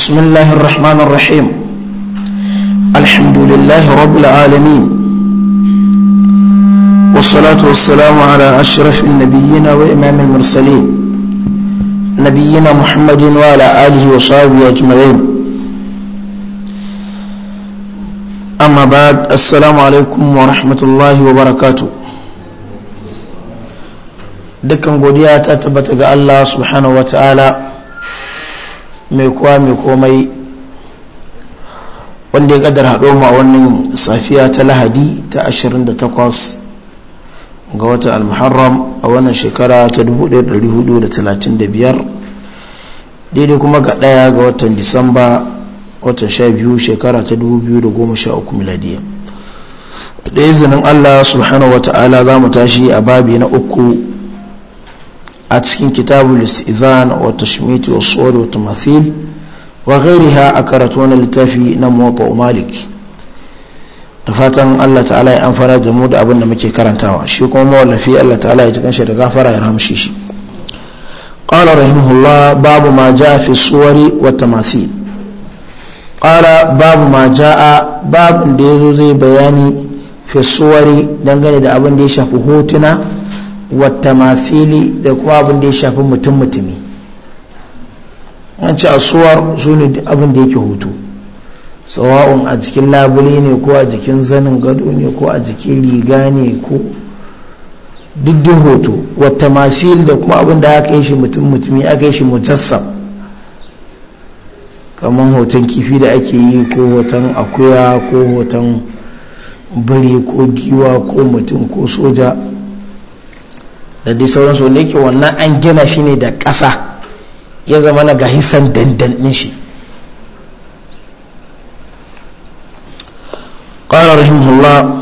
بسم الله الرحمن الرحيم الحمد لله رب العالمين والصلاة والسلام على أشرف النبيين وإمام المرسلين نبينا محمد وعلى آله وصحبه أجمعين أما بعد السلام عليكم ورحمة الله وبركاته دكا قد يأتى تبتغى الله سبحانه وتعالى mai kowa mai komai wanda ya kadar haɗo ma wannan safiya ta lahadi ta 28 ga watan almuharram a wannan shekara ta 1435 daidai kuma ga ɗaya ga watan disamba watan 12 shekara ta 2013 miladiya da izinin allah subhanahu wa ta'ala za mu tashi a babi na uku a cikin kitabul istizan wata shimiti wasu suwar wata tamathil wa ghairiha a karatu wani littafi na muwatta malik da fatan Allah ta'ala ya amfana da mu da abin da muke karantawa shi kuma mawallafi Allah ta'ala ya ji kanshi da gafara ya rahamshe shi qala rahimahullah babu ma jaa fi suwari wata tamathil qala babu ma jaa babin da zo zai bayani fi suwari dangane da abin da ya shafi hotuna matsili da kuma abin da ya shafi mutum mutumi an ci asuwar su ne abin da yake hoto tsawa'un a jikin labule ne ko a jikin zanin gado ne ko a jikin riga ne ko duddin hoto wata matsili da kuma abin da aka yi shi mutum mutumi aka yi shi mujassam kamar hoton kifi da ake yi ko hoton akuya ko hoton biri ko giwa ko mutum ko soja da dai sauransu wanda yake wannan an gina shi ne da ƙasa ya zama na ga hisan dandan ɗin shi قال rahimahullah الله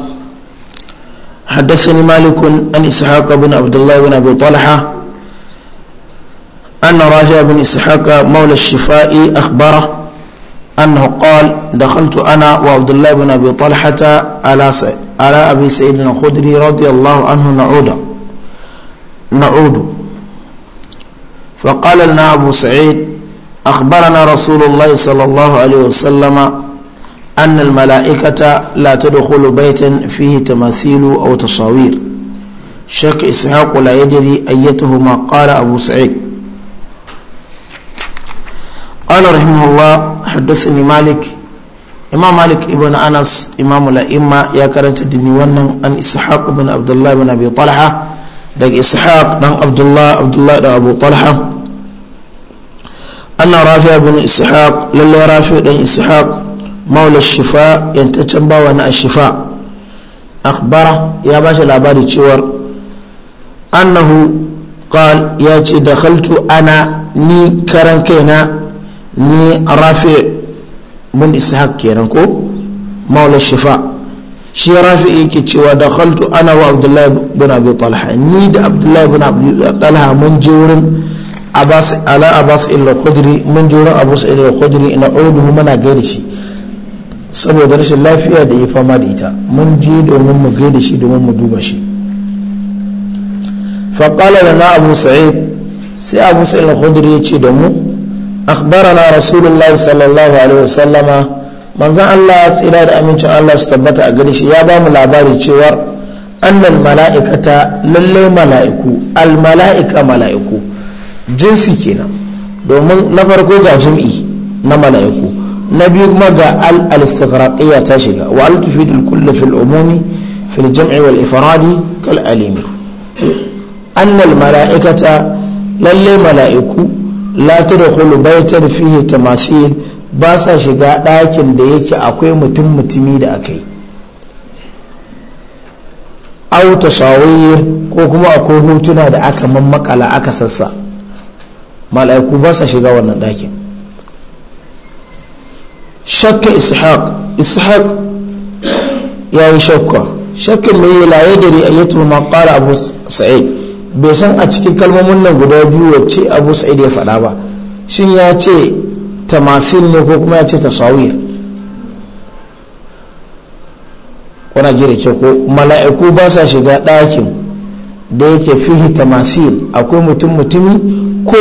حدثني مالك عن إسحاق بن عبد الله بن أبي طلحة أن راجع بن إسحاق مولى الشفاء أخبره أنه قال دخلت أنا وعبد الله بن أبي طلحة على على أبي سيدنا الخدري رضي الله عنه نعوده نعود فقال لنا أبو سعيد أخبرنا رسول الله صلى الله عليه وسلم أن الملائكة لا تدخل بيتا فيه تماثيل أو تصاوير شك إسحاق لا يدري أيتهما قال أبو سعيد قال رحمه الله حدثني مالك إمام مالك ابن أنس إمام الأئمة يا كرنت الدنيا أن إسحاق بن عبد الله بن أبي طلحة daga ishaq dan abdullah abdullah da abu talha ana rafi bin ishaq lallai rafi dan ishaq maula shifa yantaccen bawa na ashifa akbara ya ba shi labari cewar annahu qal ya ce dakhaltu ana ni karan kaina ni rafi bin ishaq kenan ko maula shifa shi rafi yake cewa da khaltu ana wa abdullahi bin abu talha ni da abdullahi bin abu talha mun je wurin abbas ala abbas illa khudri mun je wurin abbas illa kudiri ina urduhu mana gaida shi saboda rashin lafiya da ya fama da ita mun je domin mu gaida shi domin mu duba shi fa qala lana abu sa'id sai abu sa'id al-khudri ya ce da mu akhbarana rasulullahi sallallahu alaihi wasallama manzan Allah tsira da amincin Allah su tabbata a gani shi ya ba mu labari cewar annal mala'ikata lallai mala'iku al mala'ika mala'iku jinsi kenan domin na farko ga jim'i na mala'iku na biyu kuma ga al al ta shiga wa al tufid al fil umumi fil jam'i wal ifradi kal alimi annal mala'ikata lallai mala'iku la tadkhulu baytan fihi tamathil ba sa shiga ɗakin da yake akwai mutum mutumi da akai auta shawaye ko kuma akwai hotuna da aka mammakala aka sassa mala'iku ba sa shiga wannan ɗakin shakka ishaq ishaq ya yi shakka shakka mai yi laye da ayyatu ma qala abu sa'id bai san a cikin kalmomin nan guda biyu wacce abu sa'id ya faɗa ba shin ya ce tamasil ne ko kuma ya ce tasawir wana jira ce ko mala'iku ba sa shiga ɗakin da yake fihi tamasil akwai mutum mutumi ko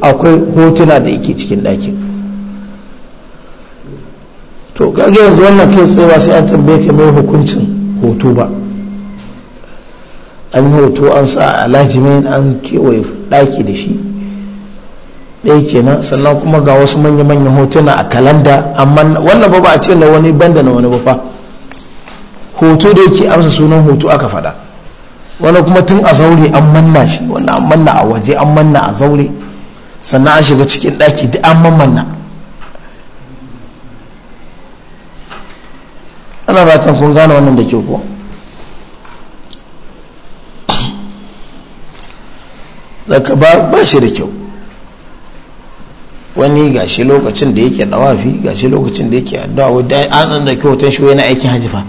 akwai hotuna da yake cikin ɗakin to kaga yanzu wannan kai tsaye sai an tambaye ka mai hukuncin hoto ba an yi hoto an sa alajimin an kewaye ɗaki da shi ɗaya kenan sannan kuma ga wasu manya-manyan hotuna a kalanda amma wannan ba ba a ce na wani banda na wani ba fa hoto da yake amsa sunan hoto aka faɗa wani kuma tun a zaure an manna shi wani an manna a waje an manna a zaure sannan an shiga cikin ɗaki duk an manna ana fatan kun gane wannan da ke kuwa ba shi da kyau wani gashi lokacin da yake dawafi gashi lokacin da yake addu'a dai an an da kyautan shi yana aikin haji fa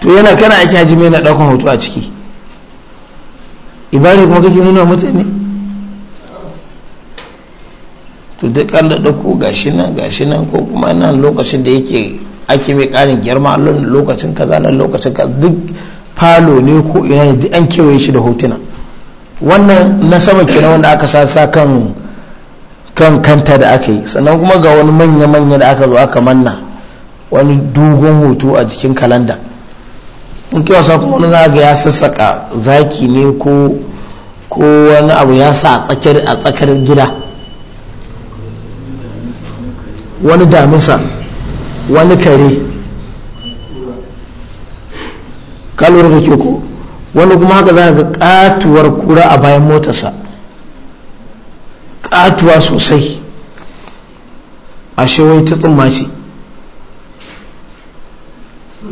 to yana kana aikin haji mai na daukan hoto a ciki ibari kuma kake nuna mutane to duk an da dauko gashi nan gashi nan ko kuma nan lokacin da yake ake mai karin girma lokacin kaza nan lokacin kaza duk falo ne ko ina ne duk an kewaye shi da hotuna wannan na sama kenan wanda aka sa sa kan kan kanta da aka yi sannan kuma ga wani manya-manya da aka zo aka manna wani dogon hoto a jikin kalanda in kewa sa kuma wani zaga ya sassaka zaki ne ko ko wani abu ya sa a tsakar gida wani damisa wani kare kalwar da ke ko wani kuma haka za ga katuwar kura a bayan motarsa katuwa sosai a shawai ta tsammaci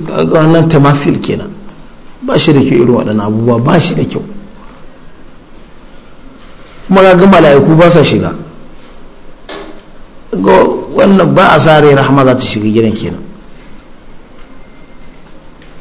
ga wannan tamasil kenan ba shi da kyau irin waɗannan abubuwa ba shi da kyau kuma ga la'aiku ba sa shiga ga wannan ba a sa rai rahama za ta shiga gidan kenan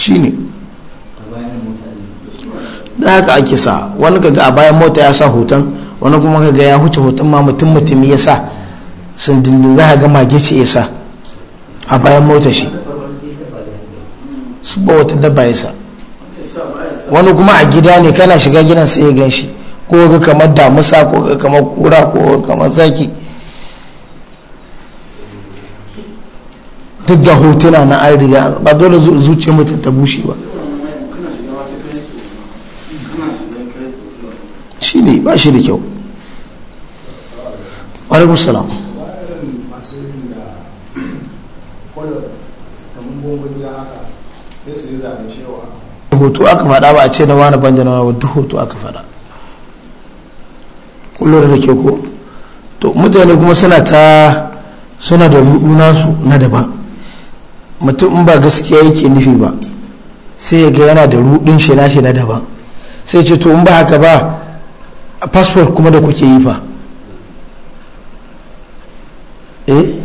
shine da haka ake sa wani kaga a bayan mota ya sa hoton wani kuma kaga ya huce hoton ma mutum mutumi ya sa sandindin za a ga mage ce ya sa a bayan mota shi su ba wata dabba ya sa wani kuma a gida ne kana shiga gidan sai ya gan shi ko ga kamar damusa ko ga kamar kura ko ga kamar zaki duk da hotuna na an riga ba dole zuciya mutum ta bushe ba shi ne ba shi da kyau wani musulam hoto aka fada ba a ce na wani banjan na wadda hoto aka fada kullum da ke ko to mutane kuma suna ta suna da rudu nasu na daban mutum ba gaskiya yake nufi ba sai ya ga yana da rudin shina shena daban sai ce to in ba haka ba fasfor kuma da kuke yi fa eh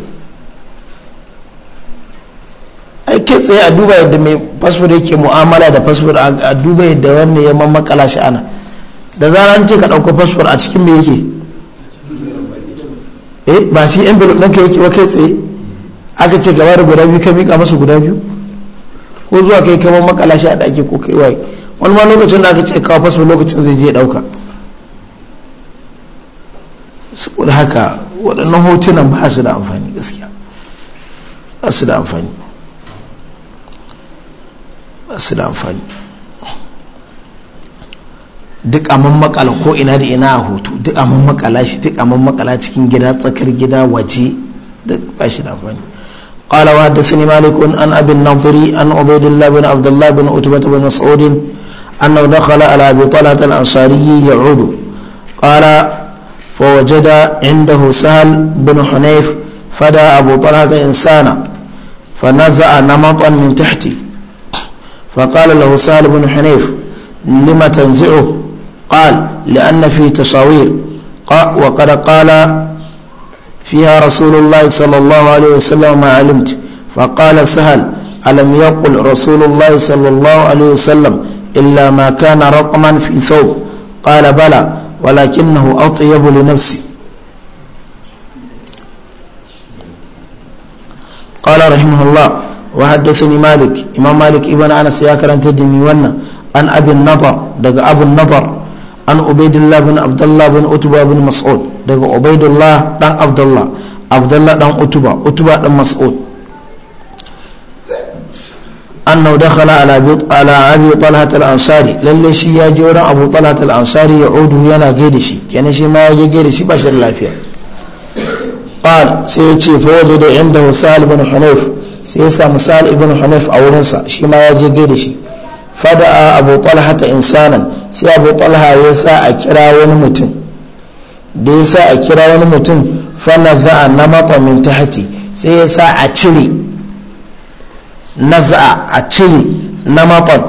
ai ke tsaye a duba yadda mai fasfor yake mu'amala da fasfor a duba yadda wannan ya mamakala sha'ana da an ce ka ɗauko fasfor a cikin me yake eh ba shi envelope ɗinka yake ba kai tsaye aka ce gaba da guda biyu ka miƙa masa guda biyu ko zuwa kai kamar makala shi a ɗaki ko kai waye wani ma lokacin da aka ce kawo fasfa lokacin zai je ɗauka saboda haka waɗannan hotunan ba su da amfani gaskiya ba su da amfani ba su da amfani duk amin makala ko ina da ina a hoto duk amin makala shi duk amin makala cikin gida tsakar gida waje duk ba shi da amfani قال وحدثني مالك عن أبي النضري عن عبيد الله بن عبد الله بن عتبة بن مسعود أنه دخل على أبي طلحة الأنصاري يعود قال فوجد عنده سهل بن حنيف فدعا أبو طلحة إنسانا فنزع نمطا من تحتي فقال له سهل بن حنيف لم تنزعه قال لأن في تصاوير وقد قال فيها رسول الله صلى الله عليه وسلم ما علمت فقال سهل ألم يقل رسول الله صلى الله عليه وسلم إلا ما كان رقما في ثوب قال بلى ولكنه أطيب لنفسي قال رحمه الله وحدثني مالك إمام مالك ابن أنس يا كرن تدمي ونا عن أبي النضر دق أبو النضر عن عبيد الله بن عبد الله بن أتبع بن مسعود daga ubaidullah dan abdullah abdullah dan utuba utuba dan mas'ud an dakhala ala kala ala talhat al lalle shi ya je wurin abu talhat al ya odu yana gaida shi kenan shi ma ya je gaida shi da lafiya qal sai ya ce fa wajada inda sal ibn hanif sai ya samu sal ibn hanif a wurin sa shi ma ya je gaida shi fada abu talhat insanan sai abu talha ya sa a kira wani mutum da ya sa a kira wani mutum fana za'a na mata min tahti sai ya sa a cire na za'a a cire na matan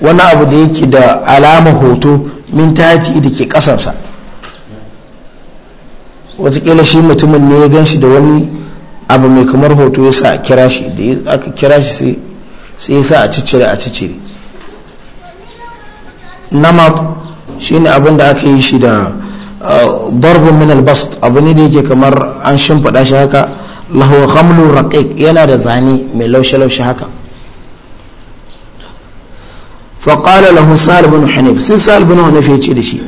wani abu da yake da alama hoto min tahti da ke kasansa watakila shi mutumin ne ya gan shi da wani abu mai kamar hoto ya sa a kira shi da aka kira shi sai ya sa a cicire a cicire na matan shi ne abin da aka yi shi da darbun min albast abu ne da yake kamar an shimfiɗa shi haka lahu khamlu raqiq yana da zane mai laushe laushe haka fa qala lahu sa'al bin hanif sai sa'al bin hanif ya ce da shi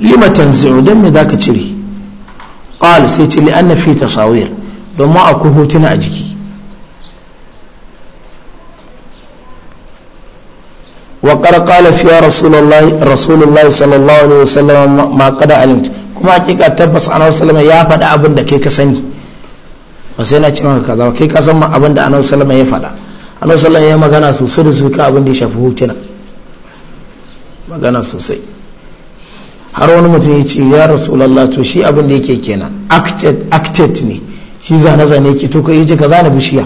lima tanzi'u dan me zaka cire qala sai ce li anna fi tasawir domin akwai hotuna a jiki وقد قال فيها رسول الله رسول الله صلى الله عليه وسلم ما قد علمت كما حقيقة تبس أنا وسلم يا فدا أبن دا كيك سني وسينا تشمع كذا وكيك سمع أبن دا أنا وسلم يا فدا أنا وسلم يا مغانا سوسر سوكا أبن دي shafi تنا مغانا سوسي har wani mutum ya ce ya rasulallah to shi abin da yake kenan acted ne shi zane-zane ke to kai yace ka zana bishiya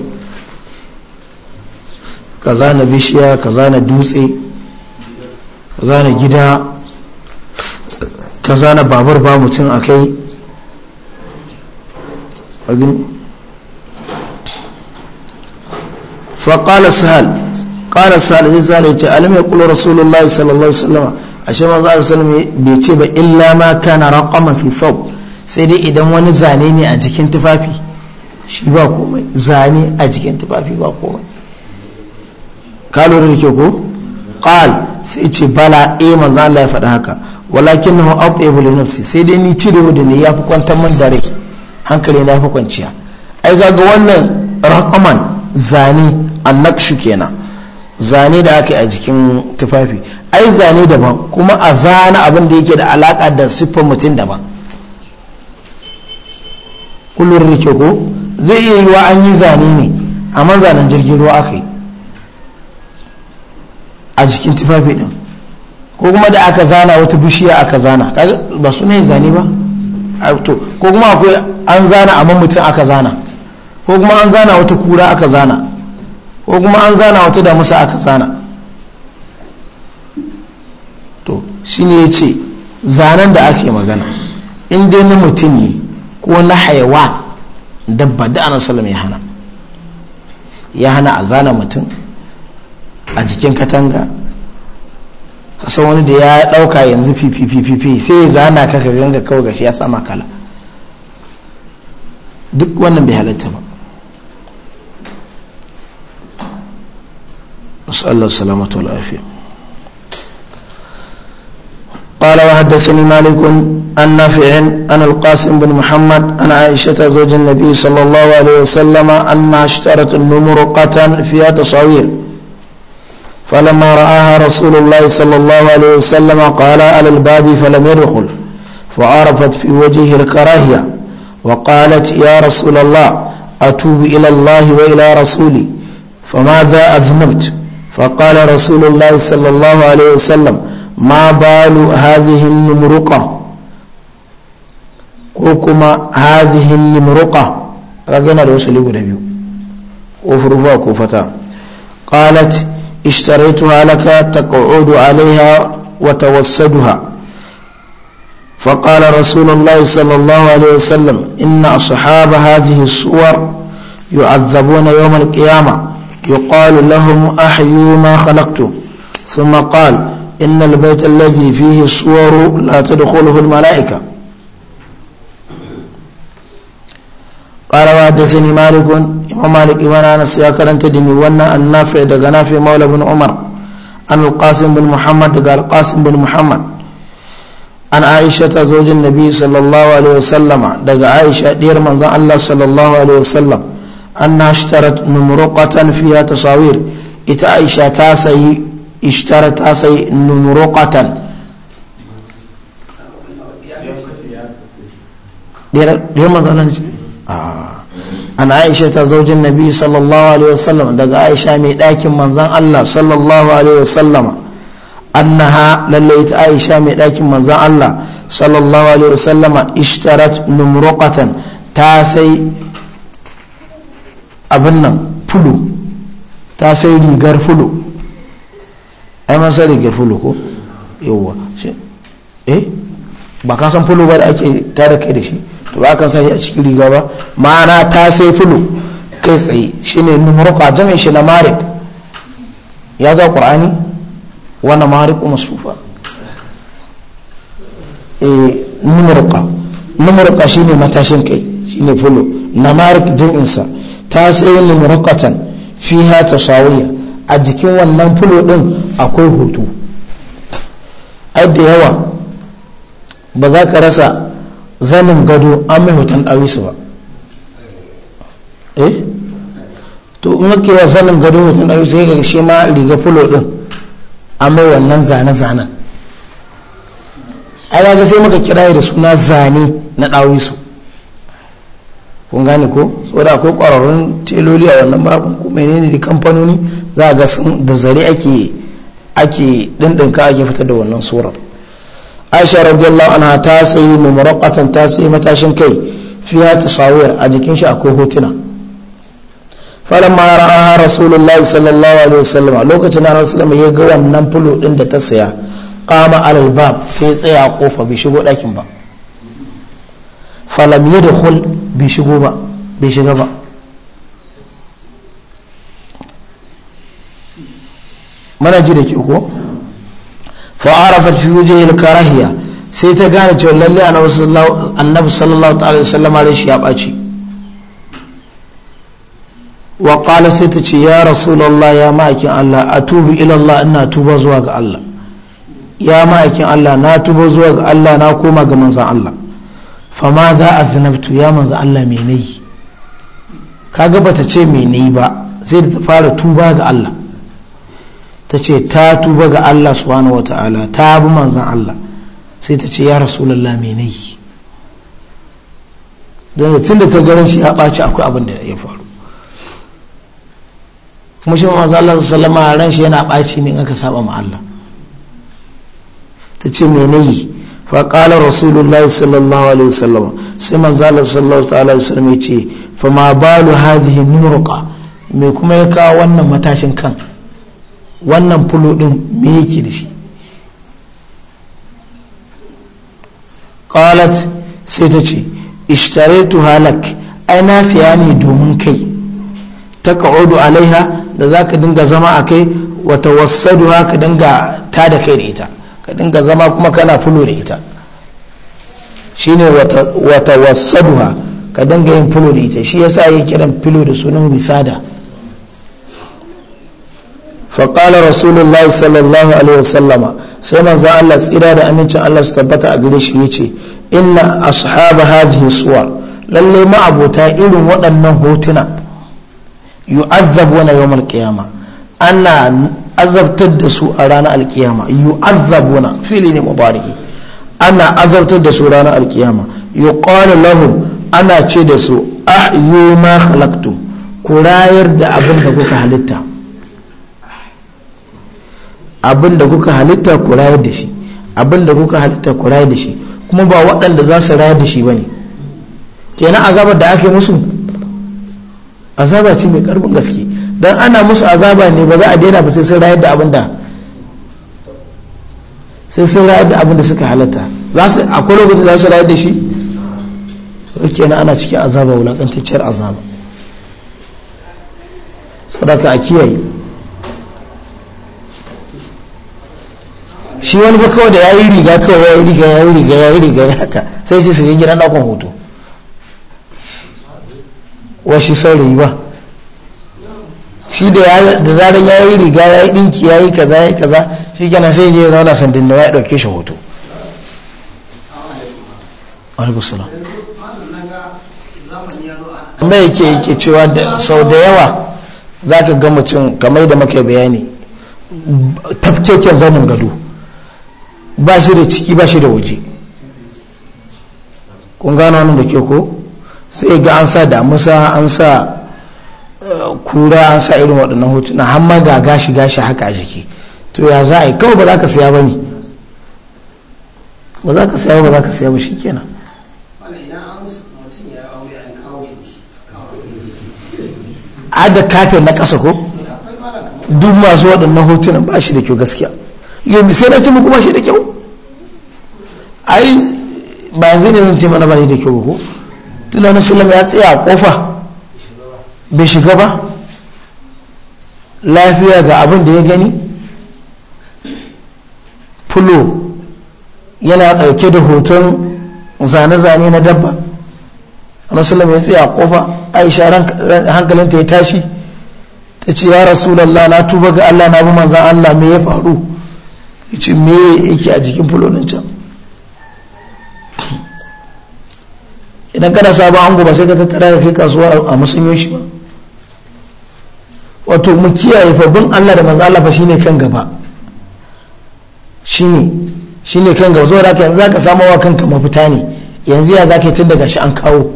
ka zane bishiya ka zane dutse zana gida ka zana babur ba mutum a kai faƙala sahal ƙala sahal zai zana ce alim ya kula rasulullah sallallahu alaihi a shi za a rasulun bai ce ba illa ma kana raƙama fi thawb sai dai idan wani zane ne a jikin tufafi shi ba komai zane a jikin tufafi ba komai ka lura da ke ko qal sai ce bala eh manzo Allah ya faɗi haka walakinahu at'ibu li nafsi sai dai ni ci da ni yafi kwantar man da hankali na yafi kwanciya ai ga wannan raqaman zane annakshu kenan zane da aka yi a jikin tufafi ai zane daban kuma a zana abin da yake da alaka da siffar mutum daban kullum rike ko zai iya yi wa an yi zane ne amma zanen jirgin ruwa aka yi a jikin tufafi din ko kuma da aka zana wata bishiya aka zana ba su ne zane ba ko kuma akwai an zana a mutum aka zana ko kuma an zana wata kura aka zana ko kuma an zana wata damusa aka zana to ne ya ce zanen da ake magana in dai na mutum ne ko na hayawa dabba da anasalam ya hana ya hana a zana mutum a jikin katanga sau wani da ya dauka yanzu pppp sai ya zana kaka ganga kawai gashi ya sama kala duk wannan bai halatta ba musallar salamatu lafiya قال وحدثني مالك عن نافع عن القاسم بن محمد عن عائشة زوج النبي صلى الله عليه وسلم أنها اشترت النمرقة فيها تصاوير فلما رآها رسول الله صلى الله عليه وسلم قال على الباب فلم يدخل فعرفت في وجهه الكراهية وقالت يا رسول الله أتوب إلى الله وإلى رسولي فماذا أذنبت فقال رسول الله صلى الله عليه وسلم ما بال هذه النمرقة كوكما هذه النمرقة رجعنا الوصل يقول وفرفا كوفتا قالت اشتريتها لك تقعد عليها وتوسدها فقال رسول الله صلى الله عليه وسلم إن أصحاب هذه الصور يعذبون يوم القيامة يقال لهم أحيوا ما خلقتم ثم قال إن البيت الذي فيه الصور لا تدخله الملائكة قال وحدثني مالك إمام مالك إمام أنس يا كرنت دمي وانا النافع دقا نافع مولى بن عمر أن القاسم بن محمد دقا القاسم بن محمد أن عائشة زوج النبي صلى الله عليه وسلم دقا عائشة دير من الله صلى الله عليه وسلم أنها اشترت نمرقة فيها تصاوير إتا عائشة تاسي اشترت تاسي نمرقة دير دير من الله Ah. an aisha ta zaujin nabi sallallahu alaihi wasallam daga aisha mai ɗakin manzan allah sallallahu alaihi wasallam annaha lallai ta aisha mai ɗakin manzan allah sallallahu alaihi wasallam ishtarat numruqatan ta sai abin nan fulo ta sai rigar fulo ai man sai rigar fulo ko yawwa eh ba ka san fulo ba da ake tare kai da shi to ba kan sanya a cikin riga ba ma'ana ta sai filo kai tsaye shine numurka jamin shi na marik ya zo ƙur'ani wani marik masufa eh numurka numurka shine matashin kai shi ne filo na marik jami'insa ta sai numurkatan fiha tasawir a jikin wannan filo din akwai hoto ai da yawa ba za ka rasa zanin gado an mai hoton su ba eh to in muke wa zanin gado hoton ɗawi ya ga shi ma riga fulo ɗin an mai wannan zane-zanen a yaga sai muka kira da suna zane na su kun gane ko saboda akwai ƙwararrun teloli a wannan babin ko menene da kamfanoni za a ga da zare ake ake ake fitar da wannan surar aisha radiyallahu anha ta sayi mumuraqatan ta sayi matashin kai fiha tasawir a jikin shi akwai hotuna ma ra'a rasulullahi sallallahu alaihi wasallam lokacin da rasulullahi ya ga wannan fulo din da ta saya qama alal bab sai tsaya a kofa bai shigo dakin ba falam yadkhul bai shigo ba bai shiga ba mana ji da ke ko fa'arafar fi wuje karahiya sai ta gane cewa lalle annabi sallallahu alaihi wasallam shi ya ɓaci wa qala sai ta ce ya rasulullah ya ma'aikin Allah atubu ila Allah ina tuba zuwa ga Allah ya ma'aikin Allah na tuba zuwa ga Allah na koma ga manzan Allah Fa ma za a zanabtu ya manzan Allah me nayi kaga bata ce me nayi ba sai da ta fara tuba ga Allah ta ce ta tuba ga Allah subhanahu wa ta'ala ta bi manzan Allah sai ta ce ya rasulallah me na yi da tun da ta garin shi ya ɓaci akwai abin da ya faru kuma shi manzan Allah sallama ran shi yana ɓaci ne aka saba ma Allah ta ce me na yi fa qala rasulullah sallallahu alaihi wasallam sai manzo Allah sallallahu ta'ala alaihi wasallam ya ce fa ma balu hadhihi numruqa me kuma ya kawo wannan matashin kan wannan fulo ɗin me yake da shi qalat sai ta ce ishtaraitu halak ai na siya ne domin kai ta ka'udu alaiha da za ka dinga zama a kai wata wassaduha ka dinga ta da kai da ita ka dinga zama kuma kana fulo da ita shine wata wassaduha ka dinga yin fulo da ita shi yasa ya kiran fulo da sunan wisada faƙalar rasulullahi sallallahu alaihi wasallama sai manzan allah tsira da amincin allah su tabbata a gare shi ya ce inna ashaba hadhihi suwar lalle ma'abota irin waɗannan hotuna yu'azzabuna yawmal qiyama ana azabtar da su a ranar alkiyama yu'azzabuna fili ne mudari'i ana azabtar da su ranar alkiyama yuqalu lahum ana ce da su ahyu ma khalaqtum ku rayar da abin da kuka halitta abin da kuka halitta ku rayar da shi abin da kuka halitta ku rayar da shi kuma ba waɗanda za su rayar da shi ba ne kenan azabar da ake musu azaba ce mai ƙarfin gaske don ana musu azaba ne ba za a daina ba sai sun rayar da abin da sai sun rayar da abin da suka halatta za su akwai lokacin za su rayar da shi kenan ana cikin azaba wulaƙantacciyar azaba sadaka a kiyaye shi wani ba kawai da ya yi riga kawai ya yi riga ya yi riga ya yi riga ya haka sai ce su yi gina ɗaukan hoto washi saurayi ba shi da zarar ya yi riga ya yi ɗinki ya yi kaza ya yi kaza shi gina sai je zauna sandin da ya ɗauke shi hoto amma yake yake cewa sau da yawa za ka ga mutum kamar da muke bayani tafkeken zanin gado ba shi da ciki ba shi da waje kun gano wannan da ke ko sai ga an sa damusa an sa eh, kura an sa irin waɗannan hotuna na hamma ga gashi gashi haka a jiki to ya za a yi kawai ba za ka saya ba ne ba za ka saya ba za ka siya ba shi kenan a da kafin na ƙasa ko duk masu waɗannan hotunan ba shi da kyau gaskiya yau sai na ce muku kuma shi da kyau ai ba yanzu ne zan ce mana ba shi da kyau ba ko tunda na sallama ya tsaya a kofa bai shiga ba lafiya ga abin da ya gani fulo yana ɗauke da hoton zane-zane na dabba Na rasulullah ya tsaya a kofa aisha hankalinta ya tashi ta ce ya lalla na tuba ga allah na bi manzan allah mai ya faru ce me yake a jikin fulonin can idan kana sabon an gobe sai ka tattara ka kai kasuwa a musanyo shi ba wato mu kiyaye fabin Allah da manzo Allah fa shine kan gaba shine shine kan gaba saboda haka yanzu zaka samu kanka mafita ne yanzu ya zaka tun daga shi an kawo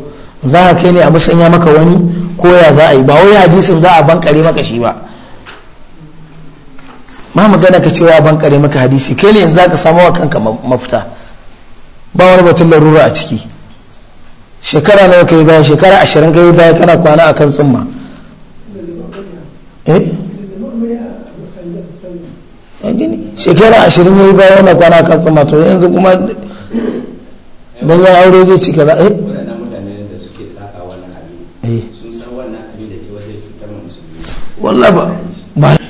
za ka kai ne a musanya maka wani ko ya za a yi ba wai hadisin za a bankare maka shi ba ma magana ka cewa ban kare maka hadisi kai ne yanzu zaka samu wa kanka mafita ba wani batun larura a ciki shekara nawa kai baya shekara ashirin kai baya kana kwana akan tsumma eh shekara ashirin ya yi baya yana kwana akan tsumma to yanzu kuma don ya aure zai ci kaza eh, eh. wallah ba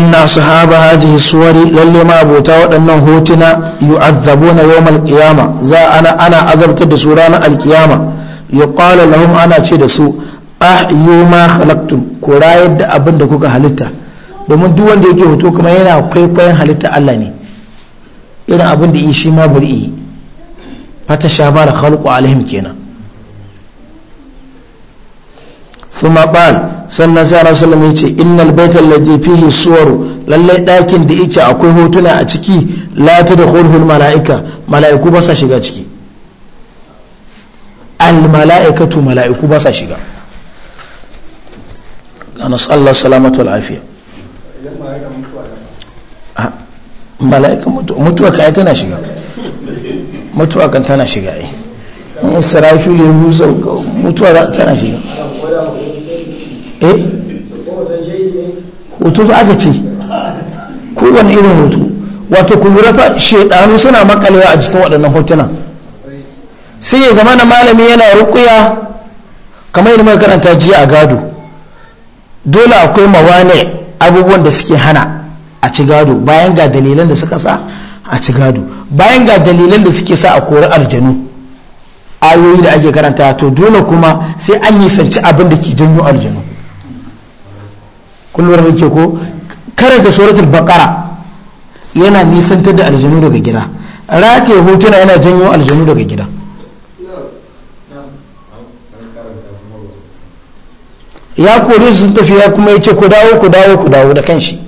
inna su haba hajji suwari lalle ma abota waɗannan hotuna yi na yau malkiyama azabtar da su ranar alkiyama ya ƙwalo lahum ana ce da su ah yi ma halaktun ko rayar da abin da kuka halitta domin duk wanda yake hoto kuma yana kwaikwayon halitta allah ne irin abin da yi shi ma buri fata sha bara khalqu alaihim kenan fuma ɓal sannan sai ce innal baitan lati fihi suwaru lallai ɗakin da yake akwai hotuna a ciki la da hulhul mala'ika mala'iku ba shiga ciki al mala'ikatu mala'iku ba shiga ga allah salamat wal ah, mutuwa kan tana shiga hutu eh? hoto aka ce kowane irin hoto wato ku fa suna makalewa a jikin waɗannan hotuna sai ya zama na malami yana rukuya kamar yadda karanta jiya a gado dole akwai mawane abubuwan da suke hana a ci gado bayan ga dalilan da suka sa a ci gado bayan ga dalilan da suke sa a kori aljanu ayoyi da ake karanta to dole kuma sai an nisanci abin da ke janyo aljanu kullum da ke ko karanta suratul baqara yana nisantar da aljanu daga gida rake hotuna yana janyo aljanu daga gida ya kore su sun tafi ya kuma ya ce ku dawo ku dawo ku dawo da kanshi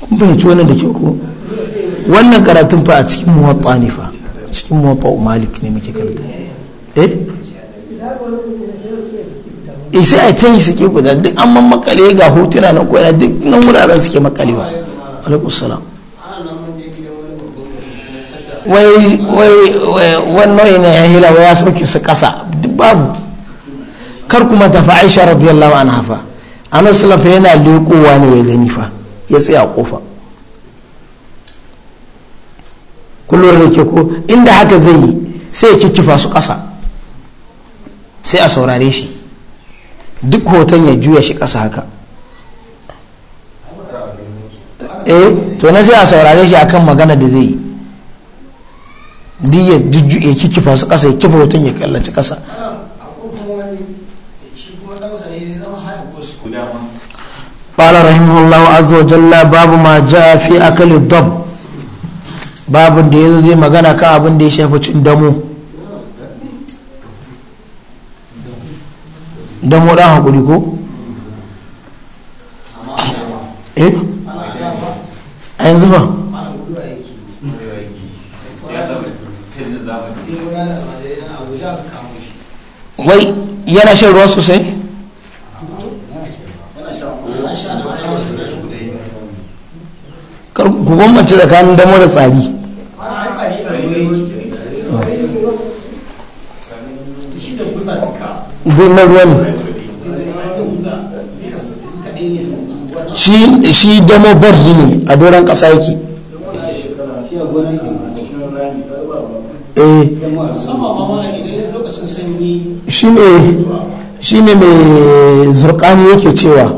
kun fahimci wannan da ke ko wannan karatun fa a cikin muwatta ne fa cikin muwatta malik ne muke karanta eh sai a ta yi suke guda duk an man makale ga hotuna na kwaya duk nan wuraren suke makalewa alaikusalam wai wai wannan yana ya hila wa ya sauke su kasa duk babu kar kuma tafi aisha radiyallahu anha fa annabi sallallahu yana lekowa ne ya gani fa ya tsaya kofa kullum da ke ko inda haka zai yi sai ya kikkifa su kasa sai a saurare shi duk hoton ya juya shi kasa haka eh to na sai a saurare shi akan magana da zai yi duk ya jujju ya kikifa su kasa ya kifa hoton ya kallaci kasa. ƙasa قال رحمه الله عز وجل باب ما جاء في أكل dab باب da ya zai magana ka abin da ya shafi cin damu don mu dan hakuri ko eh a yanzu ba wai yana shan ruwa sosai ku bambance tsakanin damo da tsari duk na ruwa ne shi damo barri ne a doron ƙasa yake eh. shi ne mai zurkani yake cewa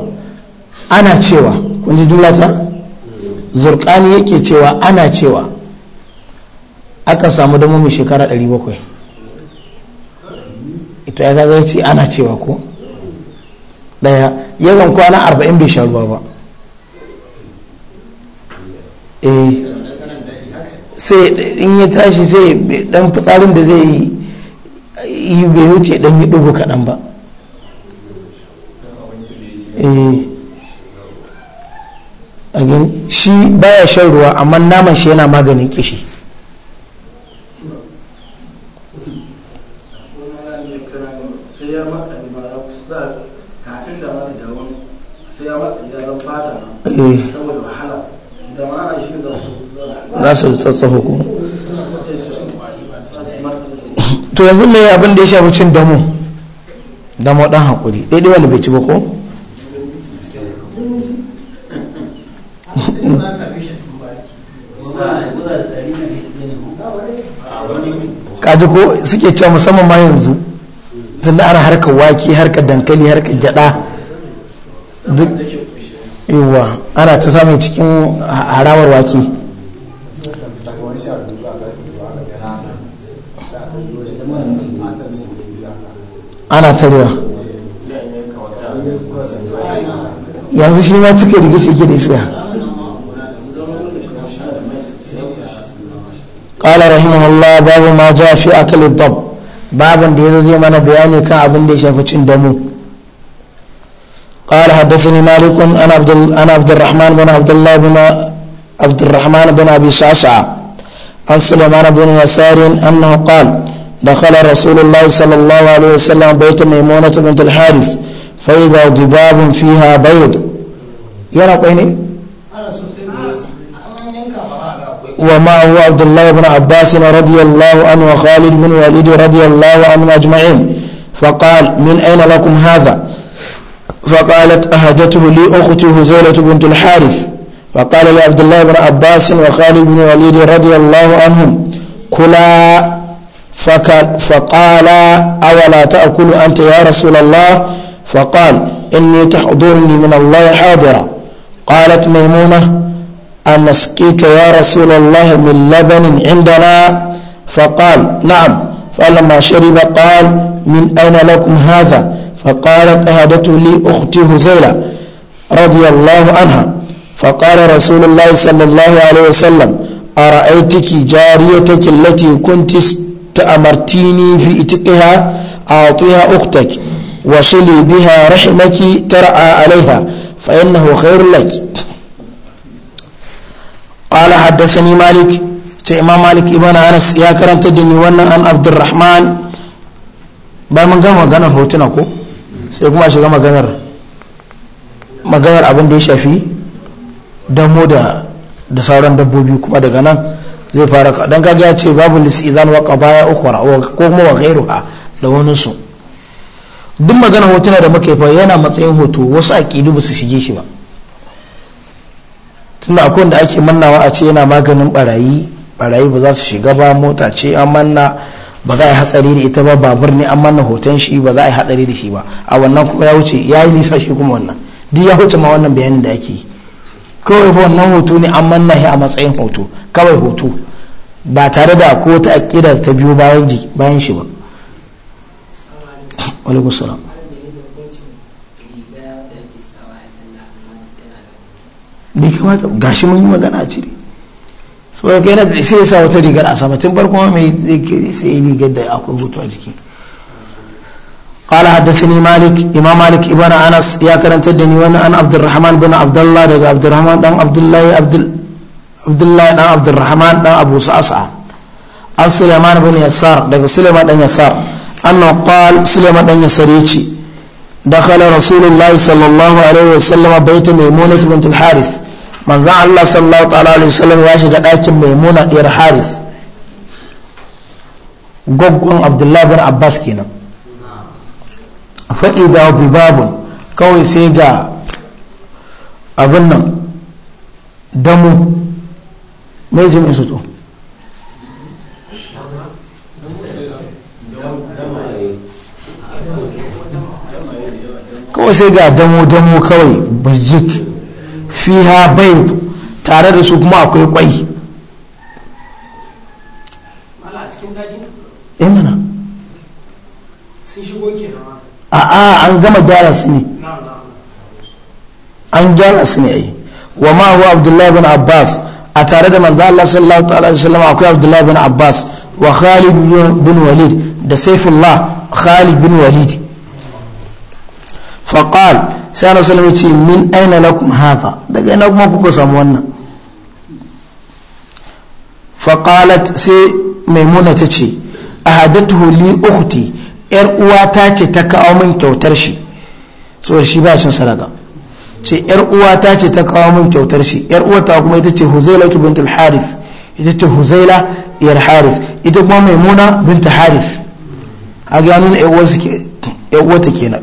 ana cewa kun ji jumlata zurkani yake cewa ana cewa aka samu damo mai shekara 700 ita ya gaga ana cewa ko daya yawan kwana 40 bai sha ruwa ba Eh, sai in ya tashi sai dan fitsarin da zai yi bai wuce dan yi dubu kaɗan ba eh. shi baya shan ruwa amma naman shi yana maganin kishi saboda eh. za su tsatsafa kuma to yanzu mai abin da ya shafi cin damo damo dan hakuri daidai wani bai ci ba ko kaji ko suke cewa musamman ma yanzu tun da ana harkar waki harkar dankali harkar gyada duk yiwuwa ana ta samun cikin harawar waki. ana tarewa yanzu shi ma cike da shi ke da iska قال رحمه الله باب ما جاء في أكل الضب باب دي زي ما بياني كان ابن دي شافت دمو قال حدثني مالك انا عبد انا عبد الرحمن بن عبد الله بن عبد الرحمن بن ابي شعشع عن سليمان بن يسار انه قال دخل رسول الله صلى الله عليه وسلم بيت ميمونة بنت الحارث فإذا ضباب فيها بيض يرى قيني هو عبد الله بن عباس رضي الله عنه وخالد بن وليد رضي الله عنه أجمعين فقال من أين لكم هذا فقالت أهدته لي أختي هزيلة بنت الحارث فقال لعبد الله بن عباس وخالد بن وليد رضي الله عنهم كلا فكان فقال أولا تأكل أنت يا رسول الله فقال إني تحضرني من الله حاضرا قالت ميمونة أنسقيك يا رسول الله من لبن عندنا فقال نعم فلما شرب قال من أين لكم هذا فقالت أهدته لي أختي هزيلة رضي الله عنها فقال رسول الله صلى الله عليه وسلم أرأيتك جاريتك التي كنت تأمرتيني في إتقها أعطيها أختك وصلي بها رحمك ترعى عليها فإنه خير لك قال حدثني مالك إمام مالك ابن أنس يا كرنت تدني وانا أن عبد الرحمن بل من قام maganar روتناكو ko sai kuma shiga maganar maganar abin da ya shafi damo da da sauran dabbobi kuma daga nan zai fara dan kaga ya ce babu lisi lisizan baya uku ukhra ko kuma wa gairu ha da wani su duk magana hotuna da muke fa yana matsayin hoto wasu aqidu ba su shige shi ba tunda akwai wanda ake mannawa a ce yana maganin barayi barayi ba za su shiga ba mota ce an manna ba za a yi hatsari da ita ba babur ne an manna hoton shi ba za a yi hatsari da shi ba a wannan kuma ya wuce ya yi nisa shi kuma wannan duk ya wuce ma wannan bayanin da ake yi kawai wannan hoto ne an manna shi a matsayin hoto kawai hoto ba tare da ko ta akidar ta biyo bayan ji bayan shi ba alaikum bai kamata gashi mun yi magana a cire so kai na sai ya sa wata rigar a sama tun farko mai zai sai rigar da akwai hoto a jiki قال حدثني مالك امام مالك ابن انس يا كرنت دني وانا ان عبد الرحمن بن عبد الله ده عبد الرحمن بن عبد الله عبد عبد الله بن عبد الرحمن بن ابو سعسعة عن سليمان بن يسار ده سليمان بن يسار انه قال سليمان بن يسار يجي دخل رسول الله صلى الله عليه وسلم بيت ميمونة بنت الحارث من زع الله صلى الله عليه وسلم يشهد آية ميمونة إير حارث قوم عبد الله بن عباس كينا fa'ida dubabun kawai sai ga abin nan damu mai jami'in su to kawai sai ga damu damu kawai fi fiha bai tare da su kuma akwai kwai mana sun shigo ma a'a an gama gyara su ne an gyara su ne ai wa ma huwa abdullahi bin abbas a tare da manzo Allah sallallahu ta'ala alaihi wasallam akwai abdullahi bin abbas wa khalid bin walid da saifullah khalid bin walid faqal sai Allah sallallahu alaihi wasallam min aina lakum hadha daga ina kuma kuka samu wannan faqalat sai maimuna tace ahadatuhu li ukhti yar ta ce ta kawo min kyautar shi saboda shi ba cin sadaka ce yar ta ce ta kawo min kyautar shi yar uwata kuma ita ce huzaila bint al-harith ita ce huzaila yar harith ita kuma maimuna bint harith a ga nuna yar uwata kenan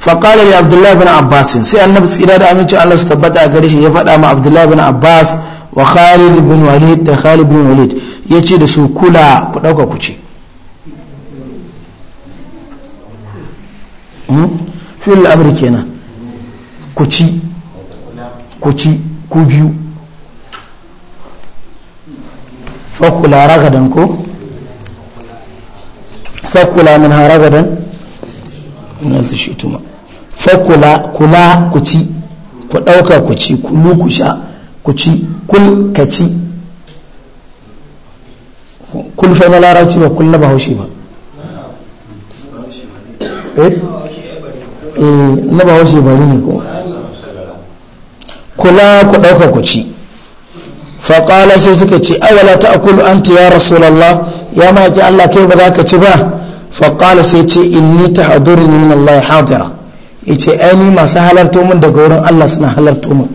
faƙala da abdullahi bin abbas sai annabi tsira da aminci allah su tabbata a gare shi ya faɗa ma abdullahi bin abbas wa khalid bin walid da khalid bin walid ya ce da su kula ku ɗauka ku ce Hmm? fi'il al'amri kenan ku ci ku ci ku biyu fakula ragadan ko fakula min ha ragadan na su shi tuma fakula kula ku ci ku ɗauka ku ci kulu ku sha ku ci kul ka ci kul fa na larabci ba kul na bahaushe ba eh Eh, na ba washe bari ne kuma kula ku ɗauka ku ci faƙala sai suka ci awala ta akulu an ya rasulallah ya maki allah kai ba za ka ci ba faƙala sai ce inni ta haduri ne min allah hadira ya ce aini masu halarto min daga wurin allah suna halarto min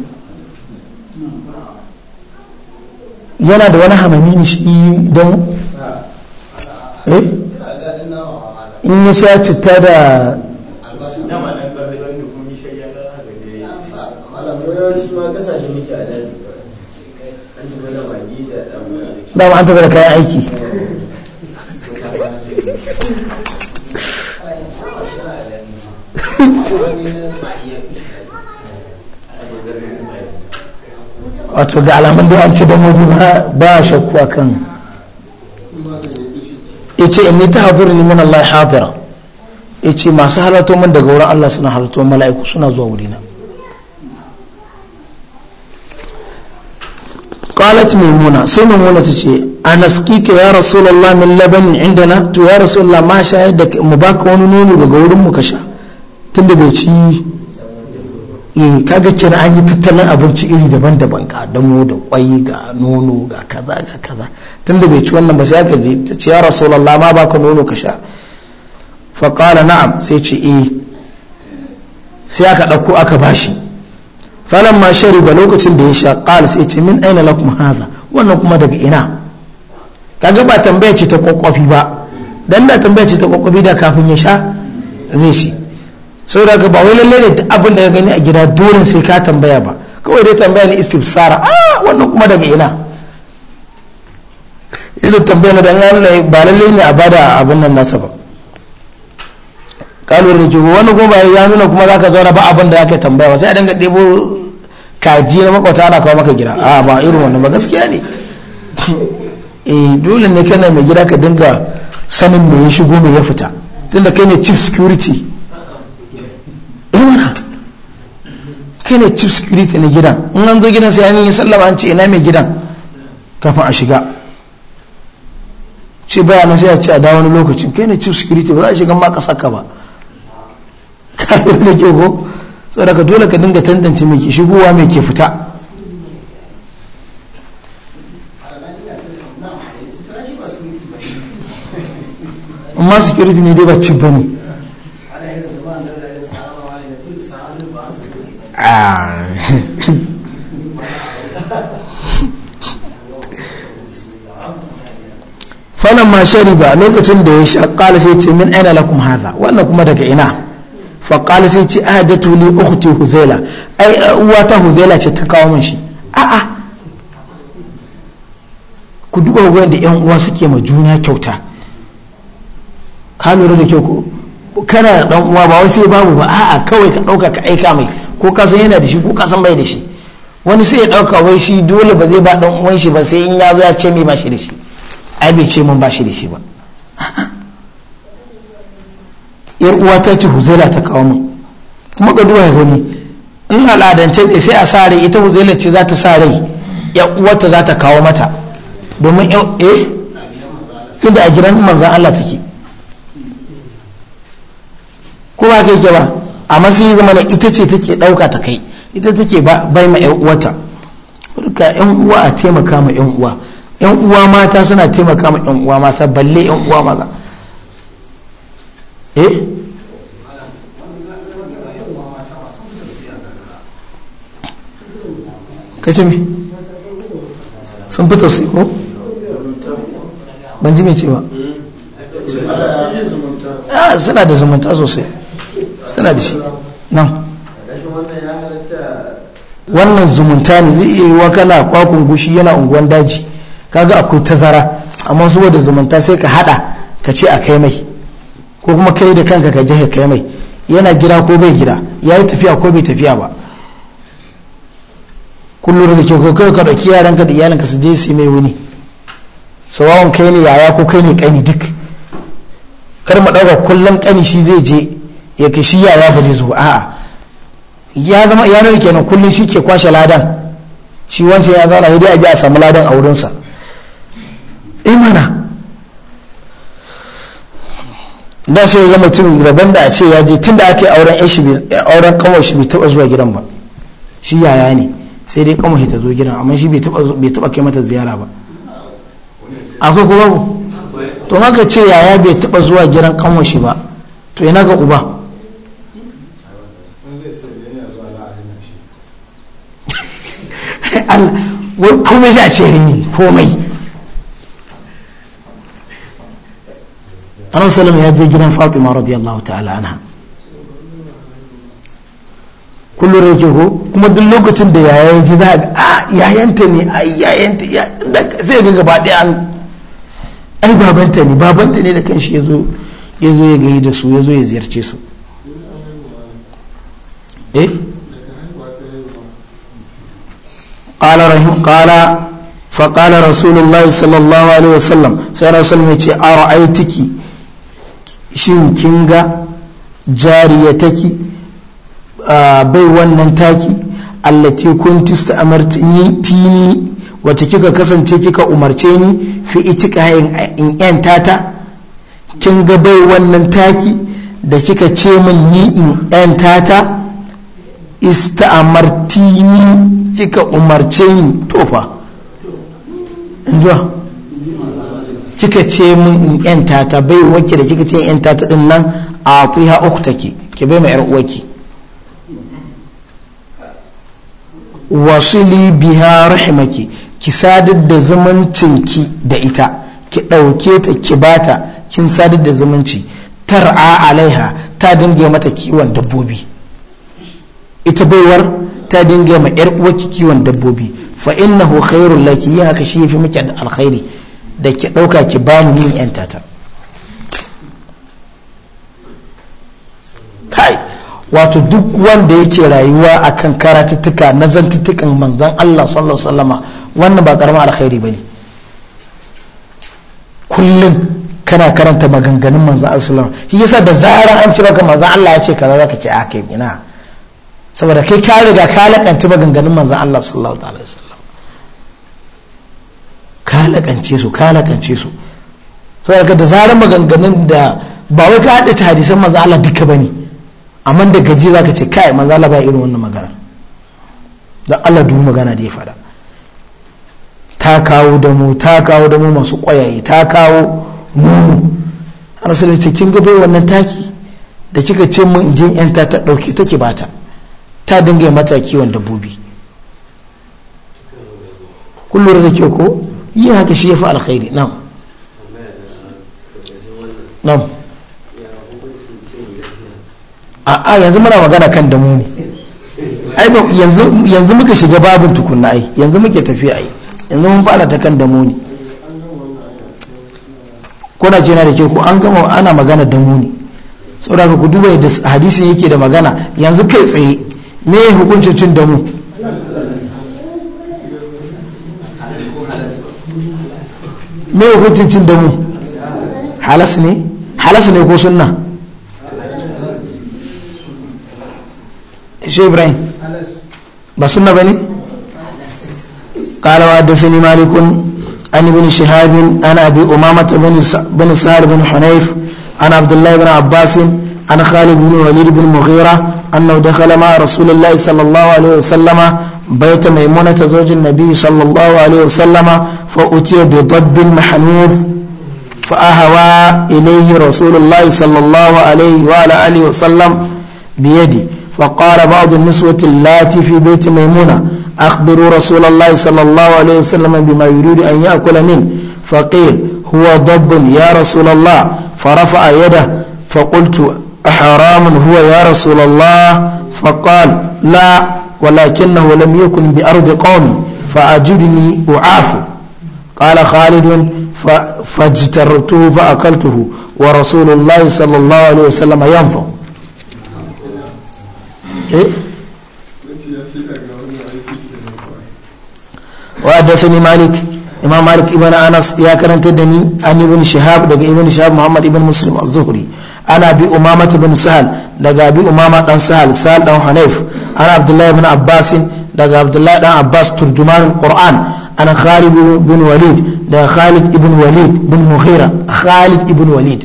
yana da wani hamami shi don eh? in ya sha citta da da ma an tafi da kayan aiki wato ga alamun da an ci da mubi ba shakku a kan ya ce in ni ta hadura ni min Allah hadira ya ce masu halatto min daga wurin Allah suna halatto mala'iku suna zuwa wurina qalat maimuna sai maimuna ta ce anaskika ya rasulullah min laban indana to ya rasulullah ma shayar mu baka wani nono daga wurin ka sha tunda bai ci eh kaga kira an yi tattalin abinci iri daban-daban ga damo da kwai ga nono ga kaza ga kaza tunda bai ci wannan ba sai aka je ta ce ya rasulullah ma baka nono ka sha fa qala na'am sai ce eh sai aka ɗauko aka bashi falan ma shariba lokacin da ya sha qala sai ce min aina lakum haza wannan kuma daga ina kaga ba tambaya ce ta kwakwafi ba dan da tambaya ce ta kwakwafi da kafin ya sha zai shi sau da ba wai lalle ne abin da ya gani a gida dole sai ka tambaya ba kawai dai tambaya ne istifsara ah wannan kuma daga ina ido tambaya na dan Allah ba lalle ne a bada abin nan nata ba kalu da ke wani kuma ya nuna kuma zaka zauna ba abin da zaka tambaya ba sai a dinga ɗebo kaji na makwata ana kawo maka gida a ba irin wannan ba gaskiya ne eh dole ne kana mai gida ka dinga sanin me ya shigo me ya fita tunda kai ne chief security ina eh, kai ne chief security na gidan in an zo gidan sai an yi sallama an ce ina mai gidan kafin a shiga ce baya na sai a ce a dawo wani lokacin kai ne chief security ba za a shiga ma ka saka ba ka da ke ko saboda dole ka dinga tantance mai ke shigowa mai ke fita amma security ne dai ba cin ba ne ah. falon ma shari ba lokacin da ya sha kala sai ce min aina lakum haza wannan kuma daga ina faƙali sai ce da tuli ukhti huzaila ai uwa ta huzaila ce ta kawo min shi a'a ku duba wanda yan uwa suke ma juna kyauta ka lura da kyau kana da dan uwa ba wai sai babu ba a'a kawai ka dauka ka aika mai ko ka san yana da shi ko ka san bai da shi wani sai ya dauka wai shi dole ba zai ba dan uwan shi ba sai in ya zo ya ce mai ba shi da shi ai bai ce mun ba shi da shi ba a'a yar uwa ta ce huzela ta kawo min kuma ga duwa ya gani in al'adance ne sai a sa rai ita huzela ce za ta sa rai yar uwarta za ta kawo mata domin eh tunda a gidan manzan Allah take ko ba ke ba amma sai zama ita ce take dauka ta kai ita take bai ma yan uwata duka yan uwa a taimaka ma yan uwa yan uwa mata suna taimaka ma yan uwa mata balle yan uwa maza eh kace me sun fi tausayi ko ban ji mai cewa ah, suna da zumunta sosai suna da shi nan wannan zumunta ne zai iya wa kana kwakun gushi yana unguwan daji kaga akwai tazara amma saboda zumunta sai ka hada ka ce a kai mai ko kuma kai da kanka ka jihar ka kai mai yana gida ko bai gida ya yi tafiya ko bai tafiya ba kullum da ke kai ka ɗauki yaranka da iyalinka su je su mai wuni sawawan kai ne yaya ko kai ne kani duk kar mu ɗauka kullum ƙani shi zai je ya kai shi yaya ba zai zo a ya zama ya nuna kenan kullum shi ke kwashe ladan shi wancan ya zauna ya dai a je a samu ladan a wurinsa imana eh da sai ga mutum rabon da a ce ya je tun da ake auren auren kawai shi bai taba zuwa gidan ba shi yaya ne sai dai kawai ta zo gidan amma shi bai taba kai mata ziyara ba akwai kuma babu to haka ce yaya bai taba zuwa gidan kawai shi ba to ina ga uba Allah wai komai a ce rini komai annabi ya je gidan fatima radiyallahu ta'ala anha kullum da ke ko kuma duk lokacin da yaya ya ji za ah, ne a yayanta sai ga gaba ɗaya an ai babanta ne babanta ne da kanshi ya zo ya zo da su ya zo ya ziyarce su eh قال رحمه قال فقال رسول الله صلى الله عليه وسلم رسول الله shin kin ga jariya take bai wannan taki kun tista sta'amartini tini wata kika kasance kika umarce ni fi itika in yan tata kin ga bai wannan taki da kika ce min ni in yan tata amartini kika umarce ni tofa injuwa kika ce mun in yanta ta bai wacce da kika ce in yanta ta din nan a tuha uktaki ki bai ma yar uwaki wasili biha rahimaki ki sadar da zumuncin ki da ita ki ɗauke ta ki bata kin sadar da zumunci tar'a alaiha ta dinga mata kiwon dabbobi ita baiwar ta dinga ma yar uwaki kiwon dabbobi fa innahu khairul laki yi haka shi fi miki alkhairi da ki ɗauka ki ba mu min yanta ta kai wato duk wanda yake rayuwa akan karatuttuka na zantuttukan manzan Allah sallallahu alaihi wasallama wannan ba karamar alkhairi bane kullum kana karanta maganganun manzan Allah sallallahu alaihi shi yasa da zarar an ci baka manzan Allah ya ce kaza zaka ce a kai ina saboda kai ka riga ka lakanta maganganun manzan Allah sallallahu alaihi wasallama ka su ka su su daga da zarar maganganun da ba wai ka haɗe ta hadisan manzo Allah duka bane amma da gaji zaka ce kai manzo Allah ba irin wannan magana da Allah duk magana da ya faɗa ta kawo da mu ta kawo da mu masu ƙwayaye ta kawo mu ana sanar ce kin gabe wannan taki da kika ce mun jin yan ta ta ɗauki take bata ta dinga mata kiwon dabbobi kullum da ke ko yi haka shi ya fi alkhairi nan nan a yanzu muna magana kan damu ne yanzu muka shiga babin tukunna ai yanzu muke tafiya ai yanzu mun fara ta kan damu ne kuna jina da ke ko an gama ana magana damu ne saboda ku duba yadda hadisin yake da magana yanzu kai tsaye me hukuncin cin damu me hukuncin cin damu halas ne halas ne ko sunna shi ibrahim ba sunna ba ne kalawa da sani malikun an ibn shihabin an abi umamata bin sa'ad bin hunayf an abdullahi bin abbasin an khalid bin walid bin mughira annahu dakhala ma rasulullahi sallallahu alaihi wasallama بيت ميمونة زوج النبي صلى الله عليه وسلم فأتي بضب محنوف فأهوى إليه رسول الله صلى الله عليه وعلى آله وسلم بيدي فقال بعض النسوة اللاتي في بيت ميمونة أخبروا رسول الله صلى الله عليه وسلم بما يريد أن يأكل منه فقيل هو ضب يا رسول الله فرفع يده فقلت أحرام هو يا رسول الله فقال لا ولكنه لم يكن بأرض قومي فأجرني أعاف قال خالد فاجترته فأكلته ورسول الله صلى الله عليه وسلم ينظر إيه؟ وحدثني مالك إمام مالك ابن أنس يا كرنت دني أن ابن شهاب دقى ابن شهاب محمد ابن مسلم الزهري ana bi umama bin sahal daga bi umama dan sahal sahal dan hanif ana abdullahi bin abbas daga abdullahi dan abbas turjuman qur'an ana khalid bin walid daga khalid ibn walid bin mughira khalid ibn walid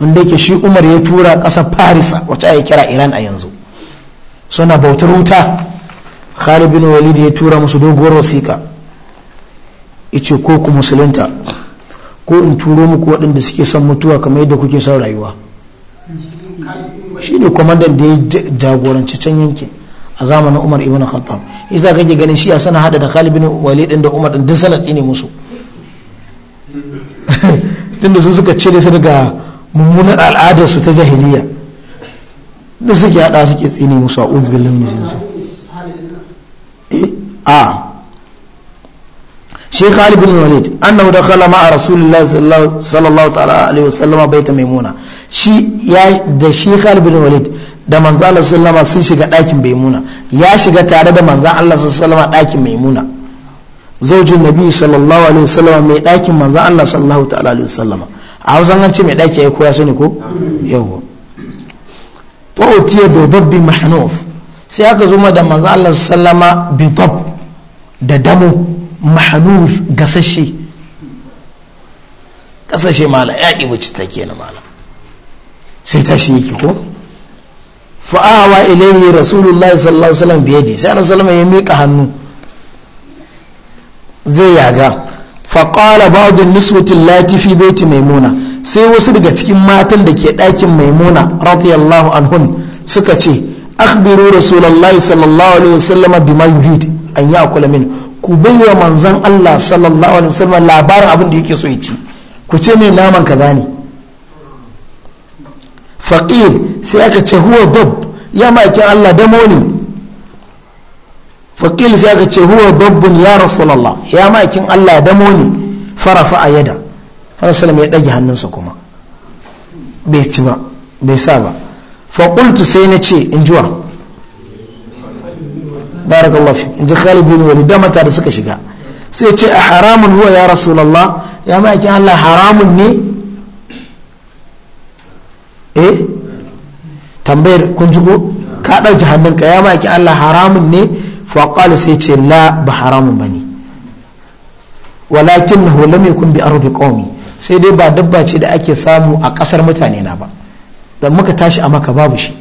wanda yake shi umar ya tura kasa paris wacce ake kira iran a yanzu suna bautar wuta khalid bin walid ya tura musu doguwar wasiƙa ice ko ku musulunta ko in turo muku waɗanda suke son mutuwa kamar yadda kuke son rayuwa ne kwamandan da ya jagoranci can yankin a zamanin umar ibn khattab isa kake ganin shi a sana hada da khalibin bin din da umar din duk sana tsine musu tunda su suka cire su daga mummunan al'adar su ta jahiliya da suke hada suke tsini musu a uzbin lamin su a shi khalibin bin walid da dakhala ma'a rasulullah sallallahu ta'ala alaihi wasallam baita maimuna shi ya da shi Khalid bin Walid da manzo Allah sallallahu alaihi sun shiga ɗakin Maimuna ya shiga tare da manzo Allah sallallahu alaihi ɗakin Maimuna zaujin Nabi sallallahu alaihi wasallam mai ɗakin manzo Allah sallallahu ta'ala alaihi wasallam a Hausa an ce mai ɗaki ya koya sani ko yawa to utiya da dabbi mahnuf sai aka zo da manzo Allah sallallahu bi tab da damo mahnuf gasashe kasashe mala ya ki wuce take ne mala sai tashi yake ko fa'awa ilayhi rasulullahi sallallahu alaihi wasallam biyadi sai rasulullahi ya miƙa hannu zai yaga faqala ba'd an-niswati allati fi baiti maimuna sai wasu daga cikin matan da ke ɗakin maimuna radiyallahu anhun suka ce akhbiru rasulullahi sallallahu alaihi wasallam bima yurid an ya'kula min ku wa manzon Allah sallallahu alaihi wasallam labarin abin da yake so ya ci ku ce mai naman kaza ne faƙil sai aka ce huwa dab ya maki Allah damo ne faƙil sai aka ce huwa dabbun ya rasulallah ya makin Allah damo ne farafa a yada rasulun ya ɗage hannunsa kuma bai ci ba bai sa ba faƙultu sai na ce in jiwa barakallah fi in ji khalid bin walid da suka shiga sai ce a haramun huwa ya rasulallah ya makin Allah haramun ne eh tambayar kun ji ko ka ɗauki hannun ka ya maki Allah haramun ne faƙal sai ce la ba haramun ba ne walakin na hulame kun bi arzi ƙomi sai dai ba dabba ce da ake samu a ƙasar mutane na ba don muka tashi a maka babu shi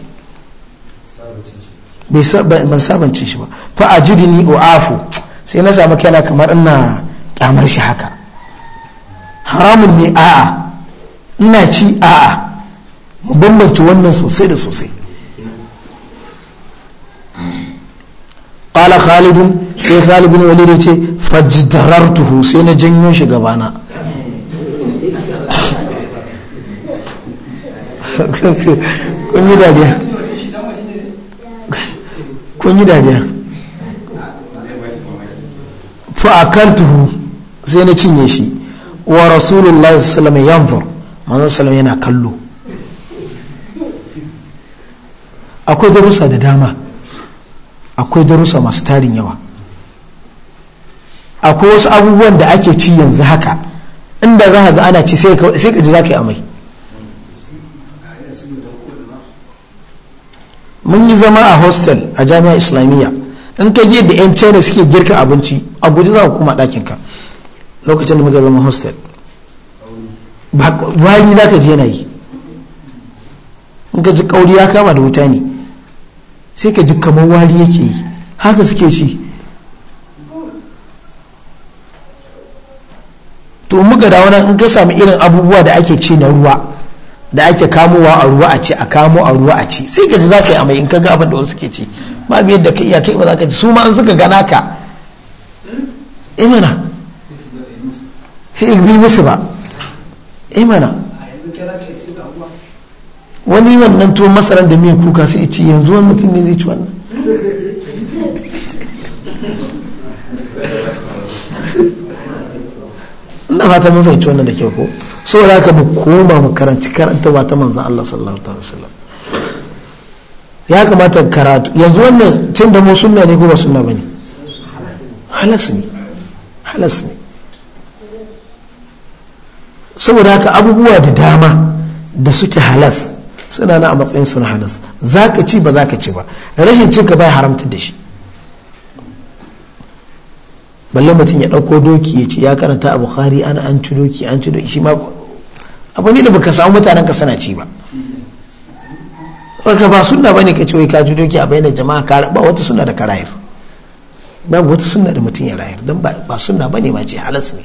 ban sabance shi ba fa a ni o afu sai na samu kaina kamar ina kyamar shi haka haramun ne a'a ina ci a'a mu bambance wannan sosai da sosai qala khalidun sai khalidun wani da ya ce tuhu sai na janyo shi gabana kun yi dariya kun yi dariya sai na cinye shi wa rasulullahi sallallahu alaihi wasallam yanzur manzon sallallahu yana kallo akwai darussa da dama akwai darussa masu tarin yawa akwai wasu abubuwan da ake ci yanzu haka inda za a ga ana ci sai ka ji za ka yi amai mun yi zama a hostel a jami'a islamiyya in ka ji yadda 'yan china suke girka abinci a guji za kuma koma ɗakinka lokacin da muka zama hostel wari za ka ji yanayi in ka ji kauri ya kama da wuta ne sai ka ji kamar wari yake yi haka suke ci to muka da wani in ka samu irin abubuwa da ake ci na ruwa da ake kamowa a ruwa a ci a kamo a ruwa a ci sai ka ji za ka yi amai in ka ga abin da wasu suke ci Ba biyar da ka iya kai ba za ka ci su ma an suka gana eh ka imana sai musu ba imana eh wani wannan tuwon masarar da miyan kuka sai ce yanzu wani mutum ne zai ci wannan ina fata mun fahimci wannan da kyau ko saboda haka mu koma mu karanci karanta ba ta manzon Allah sallallahu alaihi wasallam ya kamata karatu yanzu wannan cin da mu sunna ne ko ba sunna bane halas ne halas ne saboda haka abubuwa da dama da suke halas suna na a matsayin sun halas za ka ci ba za ka ci ba rashin cinka bai haramta da shi balle mutum ya ɗauko doki ya ci ya karanta a bukhari ana an ci doki an ci doki shi ma abu ne da baka samu mutanen ka suna ci ba baka ba sunna bane ka ci wai ka ji doki a bayyana jama'a ka ba wata sunna da rayar ba wata sunna da mutum ya rayar don ba sunna bane ma ce halas ne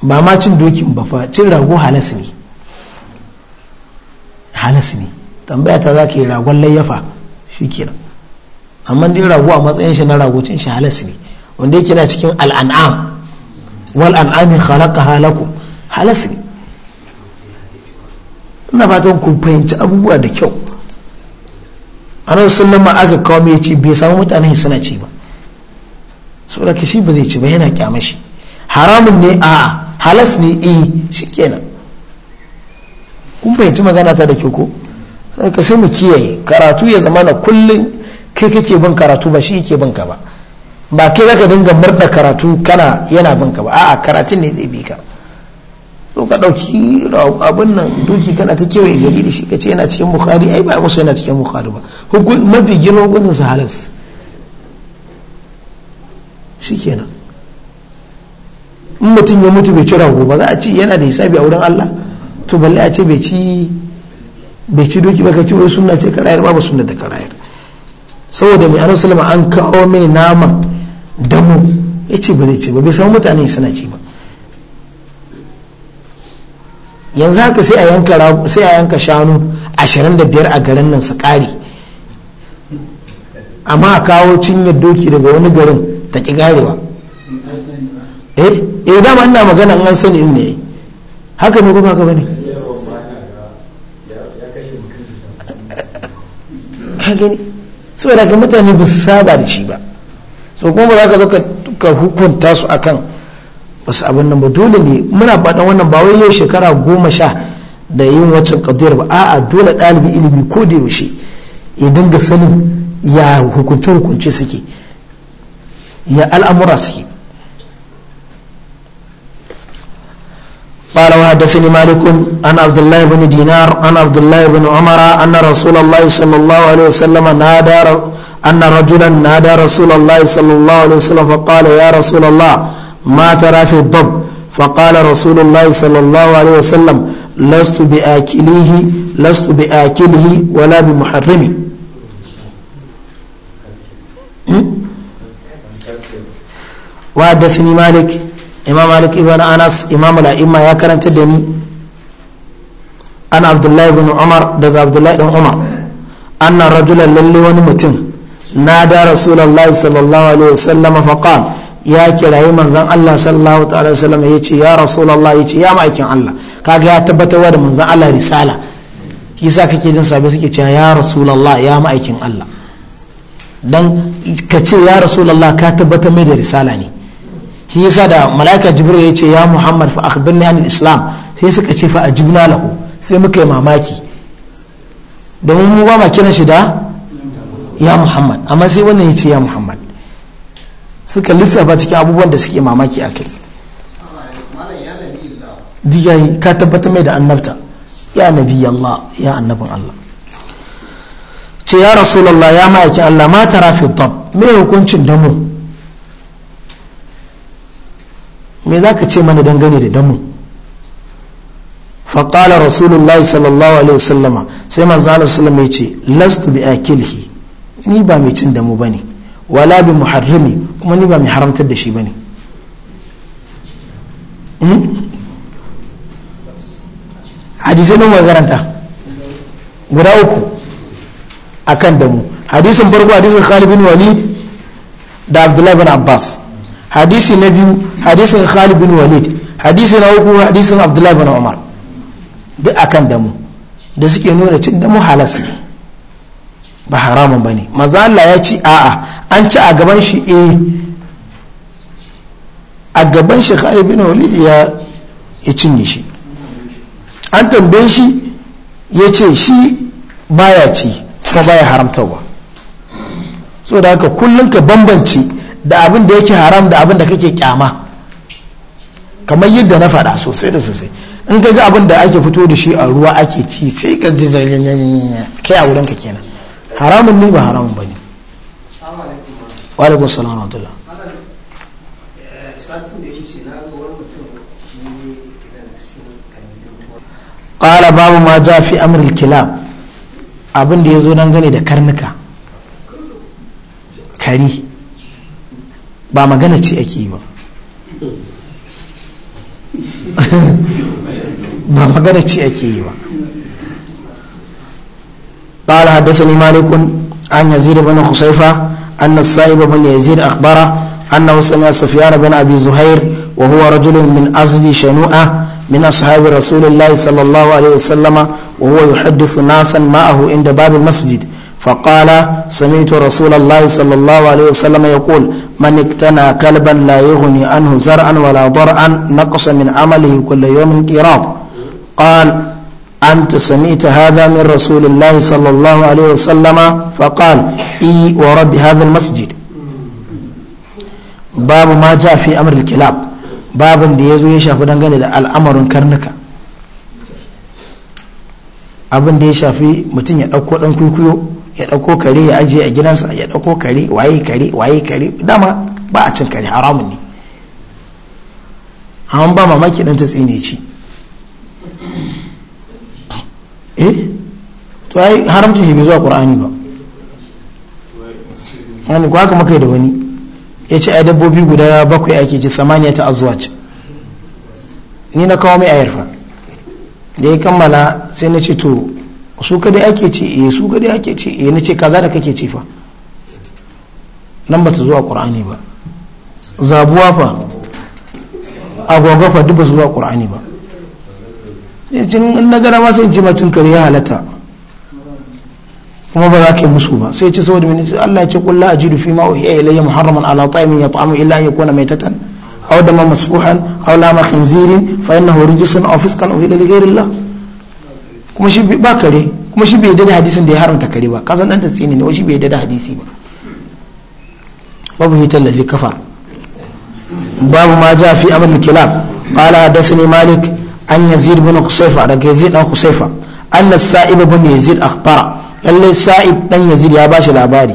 ba ma cin dokin ba fa cin rago halas ne halas ne tambaya ta za ka yi ragon layyafa shi kenan amma dai rago a matsayin shi na rago cin shi halas ne wanda yake na cikin al'an'am wal an'ami khalaqaha lakum halas ne ina fatan ku fahimci abubuwa da kyau a nan sun nama aka kawo mai ci bai samu mutane suna ci ba saboda ka shi ba zai ci ba yana kyamashi haramun ne a halas ne shi eh, shikenan kun fahimci magana ta da ke ko ka sai mu kiyaye karatu ya zama na kullum kai kake bin karatu ba shi yake bin ka ba ba kai zaka dinga murda karatu kana yana bin ka ba a'a karatun ne zai bi ka to ka dauki abin nan duki kana ta kewaye gari da shi ka ce yana cikin bukhari ai ba musu yana cikin bukhari ba hukun mafi gino gunin su halas kenan in mutum ya mutu bai ci rago ba za a ci yana da hisabi a wurin Allah to balle a ce bai ci doki baka ci wai ce karayar ba ba suna da karayar saboda mai ana salama an kawo mai nama damu ya ce ba zai ce ba bai samu mutane suna ci ba yanzu haka sai a yanka shanu 25 a garin nan su kare amma a kawo cinyar doki daga wani garin ta ki garewa eh eh dama ina magana an sani in ne haka ne kuma haka bane ka gani saboda ka mutane ba su saba da shi ba so kuma ba za ka zo ka hukunta su akan su abin nan ba dole ne muna faɗan wannan ba wai yau shekara goma sha da yin wancan kadiyar ba a'a dole ɗalibi ilimi ko da yaushe ya dinga sanin ya hukunce hukunce suke ya al'amura suke قال وحدثني مالك عن عبد الله بن دينار عن عبد الله بن عمر أن رسول الله صلى الله عليه وسلم نادى أن رجلا نادى رسول الله صلى الله عليه وسلم فقال يا رسول الله ما ترى في الضب فقال رسول الله صلى الله عليه وسلم لست بآكله لست بآكله ولا بمحرمه وحدثني مالك imam malik ibn anas imam al'imma ya karanta da ni an abdullahi bin umar daga abdullahi dan umar anna rajulan lalle wani mutum na da rasulullahi sallallahu alaihi wasallam faqal ya kirayi manzon Allah sallallahu ta'ala wasallam ya ce ya rasulullahi ya ce ya ma'aikin Allah kaga ya tabbatarwa da manzon Allah risala yasa kake jin sabai suke cewa ya rasulullahi ya ma'aikin Allah dan ka ce ya rasulullah ka tabbatar mai da risala ne shi yasa da malaika jibril ya ce ya muhammad fa akhbirni anil islam sai suka ce fa ajibna lahu sai muka yi mamaki domin mu ba ma kiran shi da ya muhammad amma sai wannan ya ce ya muhammad suka lissafa cikin abubuwan da suke mamaki a kai diyayi ka tabbatar mai da annabta ya nabi allah ya annabin allah ce ya rasulallah ya ma'aikin allah ma tara fi me hukuncin damu me za ka ce mana dangane da damu faƙala rasulullah sallallahu alaihi wasallama sai manzo Allah sallama ya ce lastu bi akilhi ni ba mai cin damu bane wala bi muharrami kuma ni ba mai haramtar da shi bane hmm? hadisai nan magaranta guda uku akan damu hadisin farko hadisin Khalid bin da abdullahi bin Abbas hadisi na biyu hadisin Khalid bin Walid hadisi na uku hadisin Abdullahi bin Umar duk akan damu da suke nuna cin damu halas ne ba haramun ba ne maza Allah ya ci a'a an ci a gaban shi A eh. a gaban shi Khalid bin Walid ya ya cinye shi an tambaye shi ya ce shi baya ci kuma baya haramtarwa so da haka kullum ka bambance da abin da yake haram da abin da kake kyama kamar yadda na faɗa sosai da sosai in ka ga abin da ake fito da shi a ruwa ake ci sai ka ji kai a wurin ka kenan haramun ne ba haramun ba ne wa wa babu ma ja fi amurin kilab abin da don gani da karnuka kari ba magana ce ake yi ba ba magana ce ake yi ba قال حدثني مالك عن يزيد بن خصيفة أن السائب بن يزيد أخبره أنه سمع سفيان بن أبي زهير وهو رجل من أصل شنوءة من أصحاب رسول الله صلى الله عليه وسلم وهو يحدث ناسا معه عند باب المسجد فقال سمعت رسول الله صلى الله عليه وسلم يقول من اقتنى كلبا لا يغني عنه زرعا ولا ضرعا نقص من عمله كل يوم قراض قال أنت سمعت هذا من رسول الله صلى الله عليه وسلم فقال إي ورب هذا المسجد باب ما جاء في أمر الكلاب باب يزو يشاف دنغني الأمر كرنك أبن da في متنيا أو كوكو ya ɗauko kare ya ajiye a gidansa ya ɗauko kare waye kare waye kare dama ba a cin kare haramun ne an ba mamaki dan ta tsine ci eh to ai haramta shi bai zuwa qur'ani ba wani ko haka muka da wani ya ce a dabbobi guda bakwai ake ji samaniya ta azwaj ni na kawo mai ayar fa da ya kammala sai na ce to su kadai ake ce eh su kadai ake ce eh nace kaza da kake ce fa nan ba ta zuwa qur'ani ba zabuwa fa agwagwa fa duk ba zuwa qur'ani ba eh, in na gara ma sai ji macin kare ya halatta kuma ba za ka yi musu ba sai ce saboda mini Allah ya ce qul la ajidu fi ma uhiya ilayya muharraman ala ta'imin yat'amu illa an yakuna maytatan aw dama masfuhan aw lama khinzirin fa innahu rijsun aw fisqan uhila li ghayri la. kuma shi ba kare kuma shi bai yadda da hadisin da ya haramta kare ba kasan dan tatsini ne shi bai yadda da hadisi ba babu hitar lalli kafa babu ma ja fi amal kilab qala hadathani malik an yazid bin daga yazid dan qusayfa anna sa'ib bin yazid akhbara lalle sa'ib dan yazid ya bashi labari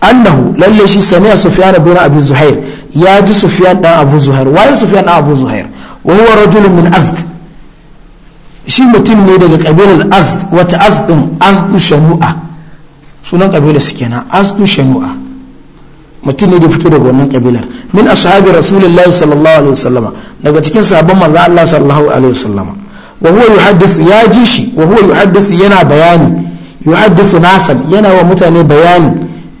annahu lalle shi sami'a sufyan bin abi zuhair ya ji sufyan dan abu zuhair wai sufyan dan abu zuhair wa huwa rajulun min azd shi mutum ne daga ƙabilar azd wata azdin azdu shanu'a sunan kabilar su kenan azdu shanu'a mutum ne da fito daga wannan kabilar min ashabi rasulullahi sallallahu alaihi wasallama daga cikin sabon manzo Allah sallallahu alaihi wasallama wa huwa yuhaddithu ya ji shi wa huwa yuhaddithu yana bayani yuhaddithu nasan yana wa mutane bayani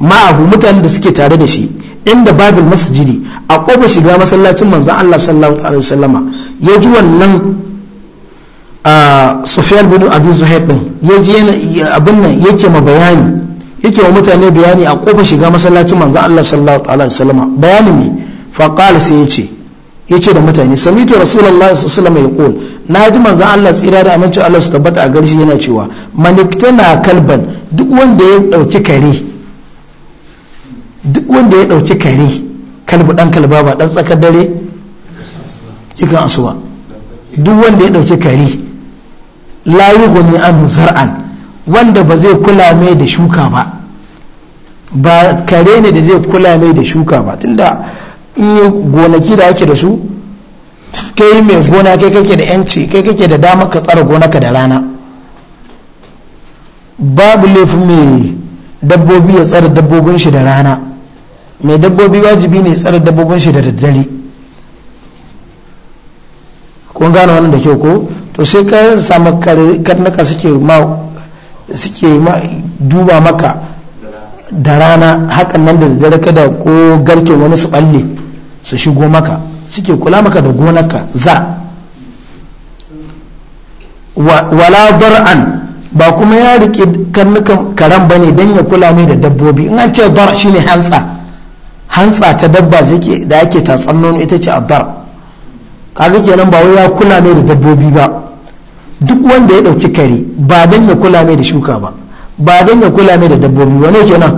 ma'ahu mutanen da suke tare da shi inda babil masjidi a kofar shiga masallacin manzo Allah sallallahu alaihi wasallama ya ji wannan a sufiyar bin abin zuhair din ya ji abin nan yake ma bayani yake wa mutane bayani a kofa shiga masallacin manzan Allah sallallahu alaihi wasallam bayanin ne fa qala sai yace yace da mutane samitu rasulullahi sallallahu alaihi wasallam na ji manzan Allah tsira da amincin Allah su tabbata a garshi yana cewa na kalban duk wanda ya dauki kare duk wanda ya dauki kare kalbu dan kalba ba dan tsakar dare kika asuba duk wanda ya dauki kare la yughni anhu zar'an wanda ba zai kula mai da shuka ba ba kare ne da zai kula mai da shuka ba tunda in yi gonaki da ake da su yi mai gona kai kake da yanci kai kake da dama ka tsara gonaka da rana babu laifin mai dabbobi ya tsara dabbobin shi da rana mai dabbobi wajibi ne tsara dabbobin shi da daddare kun gane wannan da kyau ko to sai ka samu karnuka suke ma suke duba maka da rana hakan nan da dare kada ko garke wani su balle su shigo maka suke kula maka da gonaka za wala dar'an ba kuma ya rike karnukan karan bane dan ya kula mai da dabbobi in an ce dar shine hantsa hantsa ta dabba da ake tatsan nono ita ce adar kaga kenan ba wai ya kula mai da dabbobi ba duk wanda ya dauki kare ba dan ya kula mai da shuka ba ba dan ya kula mai da dabbobi wane kenan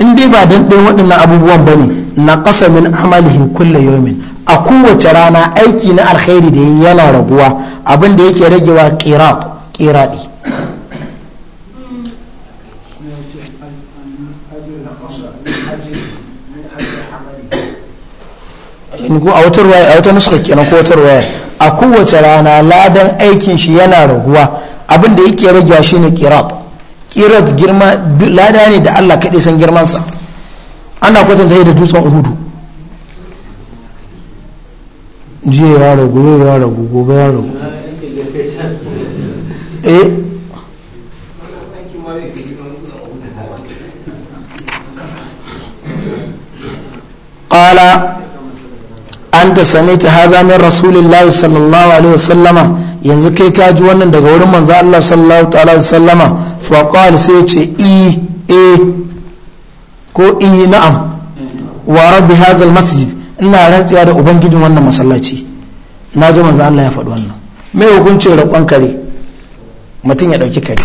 in dai ba dan waɗannan abubuwan ba ne na ƙasa min amalihi kulla yomin a kowace rana aiki na alkhairi da yana raguwa abin da yake ragewa ƙiraɗi ko a wata ruwaya a wata nuska kenan ko wata ruwaya a kowace rana ladan aikin shi yana raguwa abin da yake shi ne kirab kirab girma lada ne da Allah kaɗai san girman sa ana kwatanta da dutsen uhudu jiya ya ragu yau ya ragu gobe ya ragu eh qala an ta same ta haza min rasulillahi sallallahu alaihi wasallama yanzu kai ka ji wannan daga wurin manzo Allah sallallahu ta'ala alaihi wasallama fa qala sai ce i e, e ko i e, na'am wa rabbi hadha almasjid ina rantsiya da ubangijin wannan masallaci na ji manzo Allah ya faɗi wannan me hukuncin rakon kare mutum ya ɗauki kare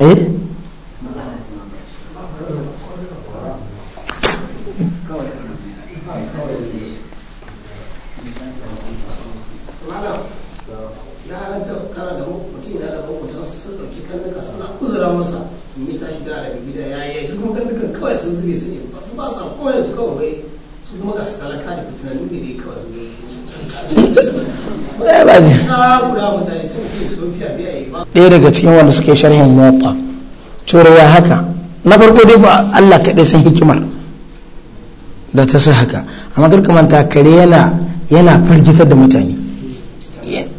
eh daya eh, ɗaya daga cikin wanda suke sharhin mota cura ya haka na farko dai ba Allah kaɗai san hikimar da ta sa haka amma manta kare yana firgitar da mutane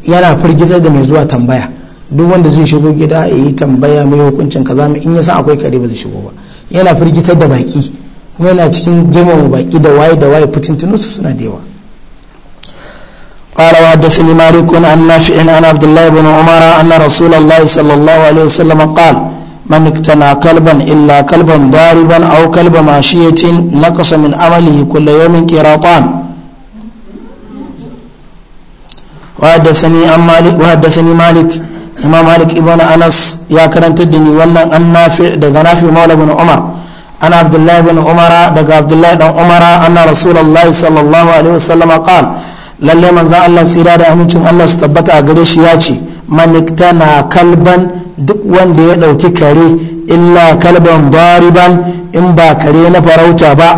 yana firgitar da mai zuwa tambaya duk wanda zai shigo gida ya yi tambaya mai hukuncin kaza in ya san akwai kare ba zai shigo ba yana firgitar da baki kuma yana cikin girmama baki da waye da waye fitintunu su suna da yawa قال وحدثني مالك عن نافع عن عبد الله بن عمر ان رسول الله صلى الله عليه وسلم قال من اقتنى كلبا الا كلبا ضاربا او كلب ماشيه نقص من عمله كل يوم قراطان وحدثني عن مالك وحدثني مالك امام مالك ابن انس يا كرنت الدنيا ولا النافع دغ نافع مولى بن عمر ana عبد bin بن daga abdullahi dan umara ana عمر أن رسول الله صلى الله عليه وسلم قال lalle manzo Allah tsira da amincin Allah su tabbata a gare shi ya ce maniktana kalban duk wanda ya ɗauki kare illa kalban dariban in ba kare na farauta ba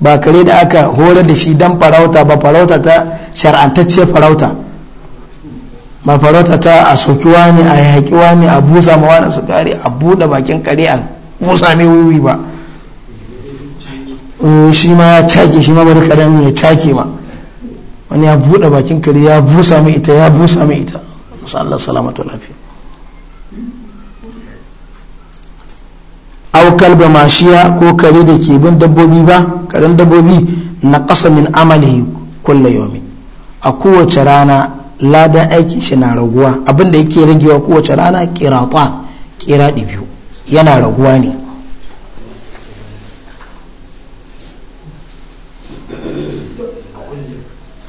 ba kare da aka horar da shi dan farauta ba farauta ta shar'antacce farauta ba farauta ta a sokiwa ne a yaƙiwa ne a busa mawa su kare a buɗe bakin kare musa mai wiwi ba eh, shi ma ya cake shi ma bari kadan ya cake ma wani ya buɗe bakin kare ya busa mai ita ya busa mai ita masu Allah salamatu lafiya au kalba mashiya ko kare da ke bin dabbobi ba karen dabbobi na ƙasa min amalihi kulla yomi a kowace rana ladan aikin shi na raguwa abinda yake ragewa kowace rana kirata kiraɗi biyu yana raguwa ne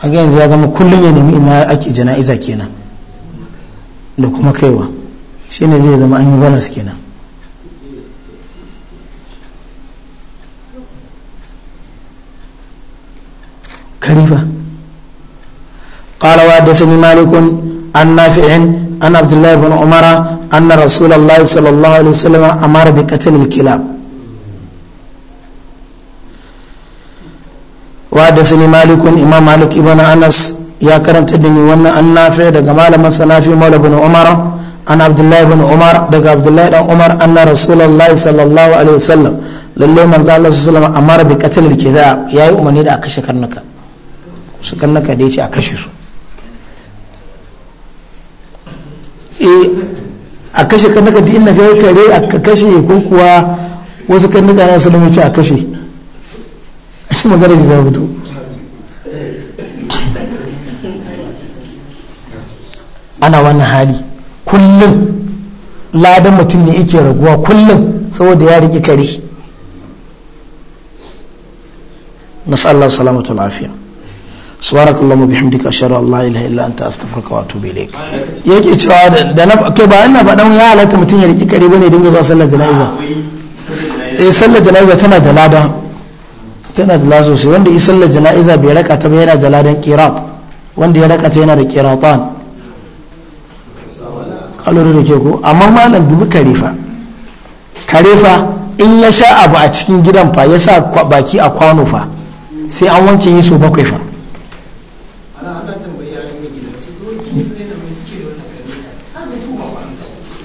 a yanzu ya zama kullum ya nemi ina ake jana'iza kenan da kuma kaiwa shine zai zama an yi balas kenan karifa sani sani malikun an nafi'in an abdullahi bin umara anna rasulullahi sallallahu alaihi wasallam amara bi qatl al-kilab وحدثني مالك امام مالك ابن انس يا كرمت الدنيا وانا النافع دغ مالك مسنافي مولى بن عمر عن عبد الله بن عمر دغ عبد الله بن عمر ان رسول الله صلى الله عليه وسلم lalle manzo Allah sallallahu alaihi wasallam amara bi qatl al-kiza yayi umarni da aka kashe karnuka karnuka a kashe su eh a kashe kan naka dina ga kare a kashe ko kuwa wasu kan naka na sanin wuce a kashe shi magana da fito ana wannan hali kullum ladan mutum ne yake raguwa kullum saboda ya rike kare Allah salamatu lafiya subhanakallahumma bihamdika ashhadu an la ilaha illa anta astaghfiruka wa atubu ilaik yake cewa da na kai ba ina faɗan ya halatta mutum ya riki kare bane dinga zuwa sallar jana'iza eh sallar jana'iza tana da lada tana da lada sosai wanda yi sallar jana'iza bai raka ta ba yana da ladan qirat wanda ya raka ta yana da qiratan kalori da ke ko amma malam dubu karefa karefa in ya sha abu a cikin gidan fa ya sa baki a kwano fa sai an wanke yi so bakwai fa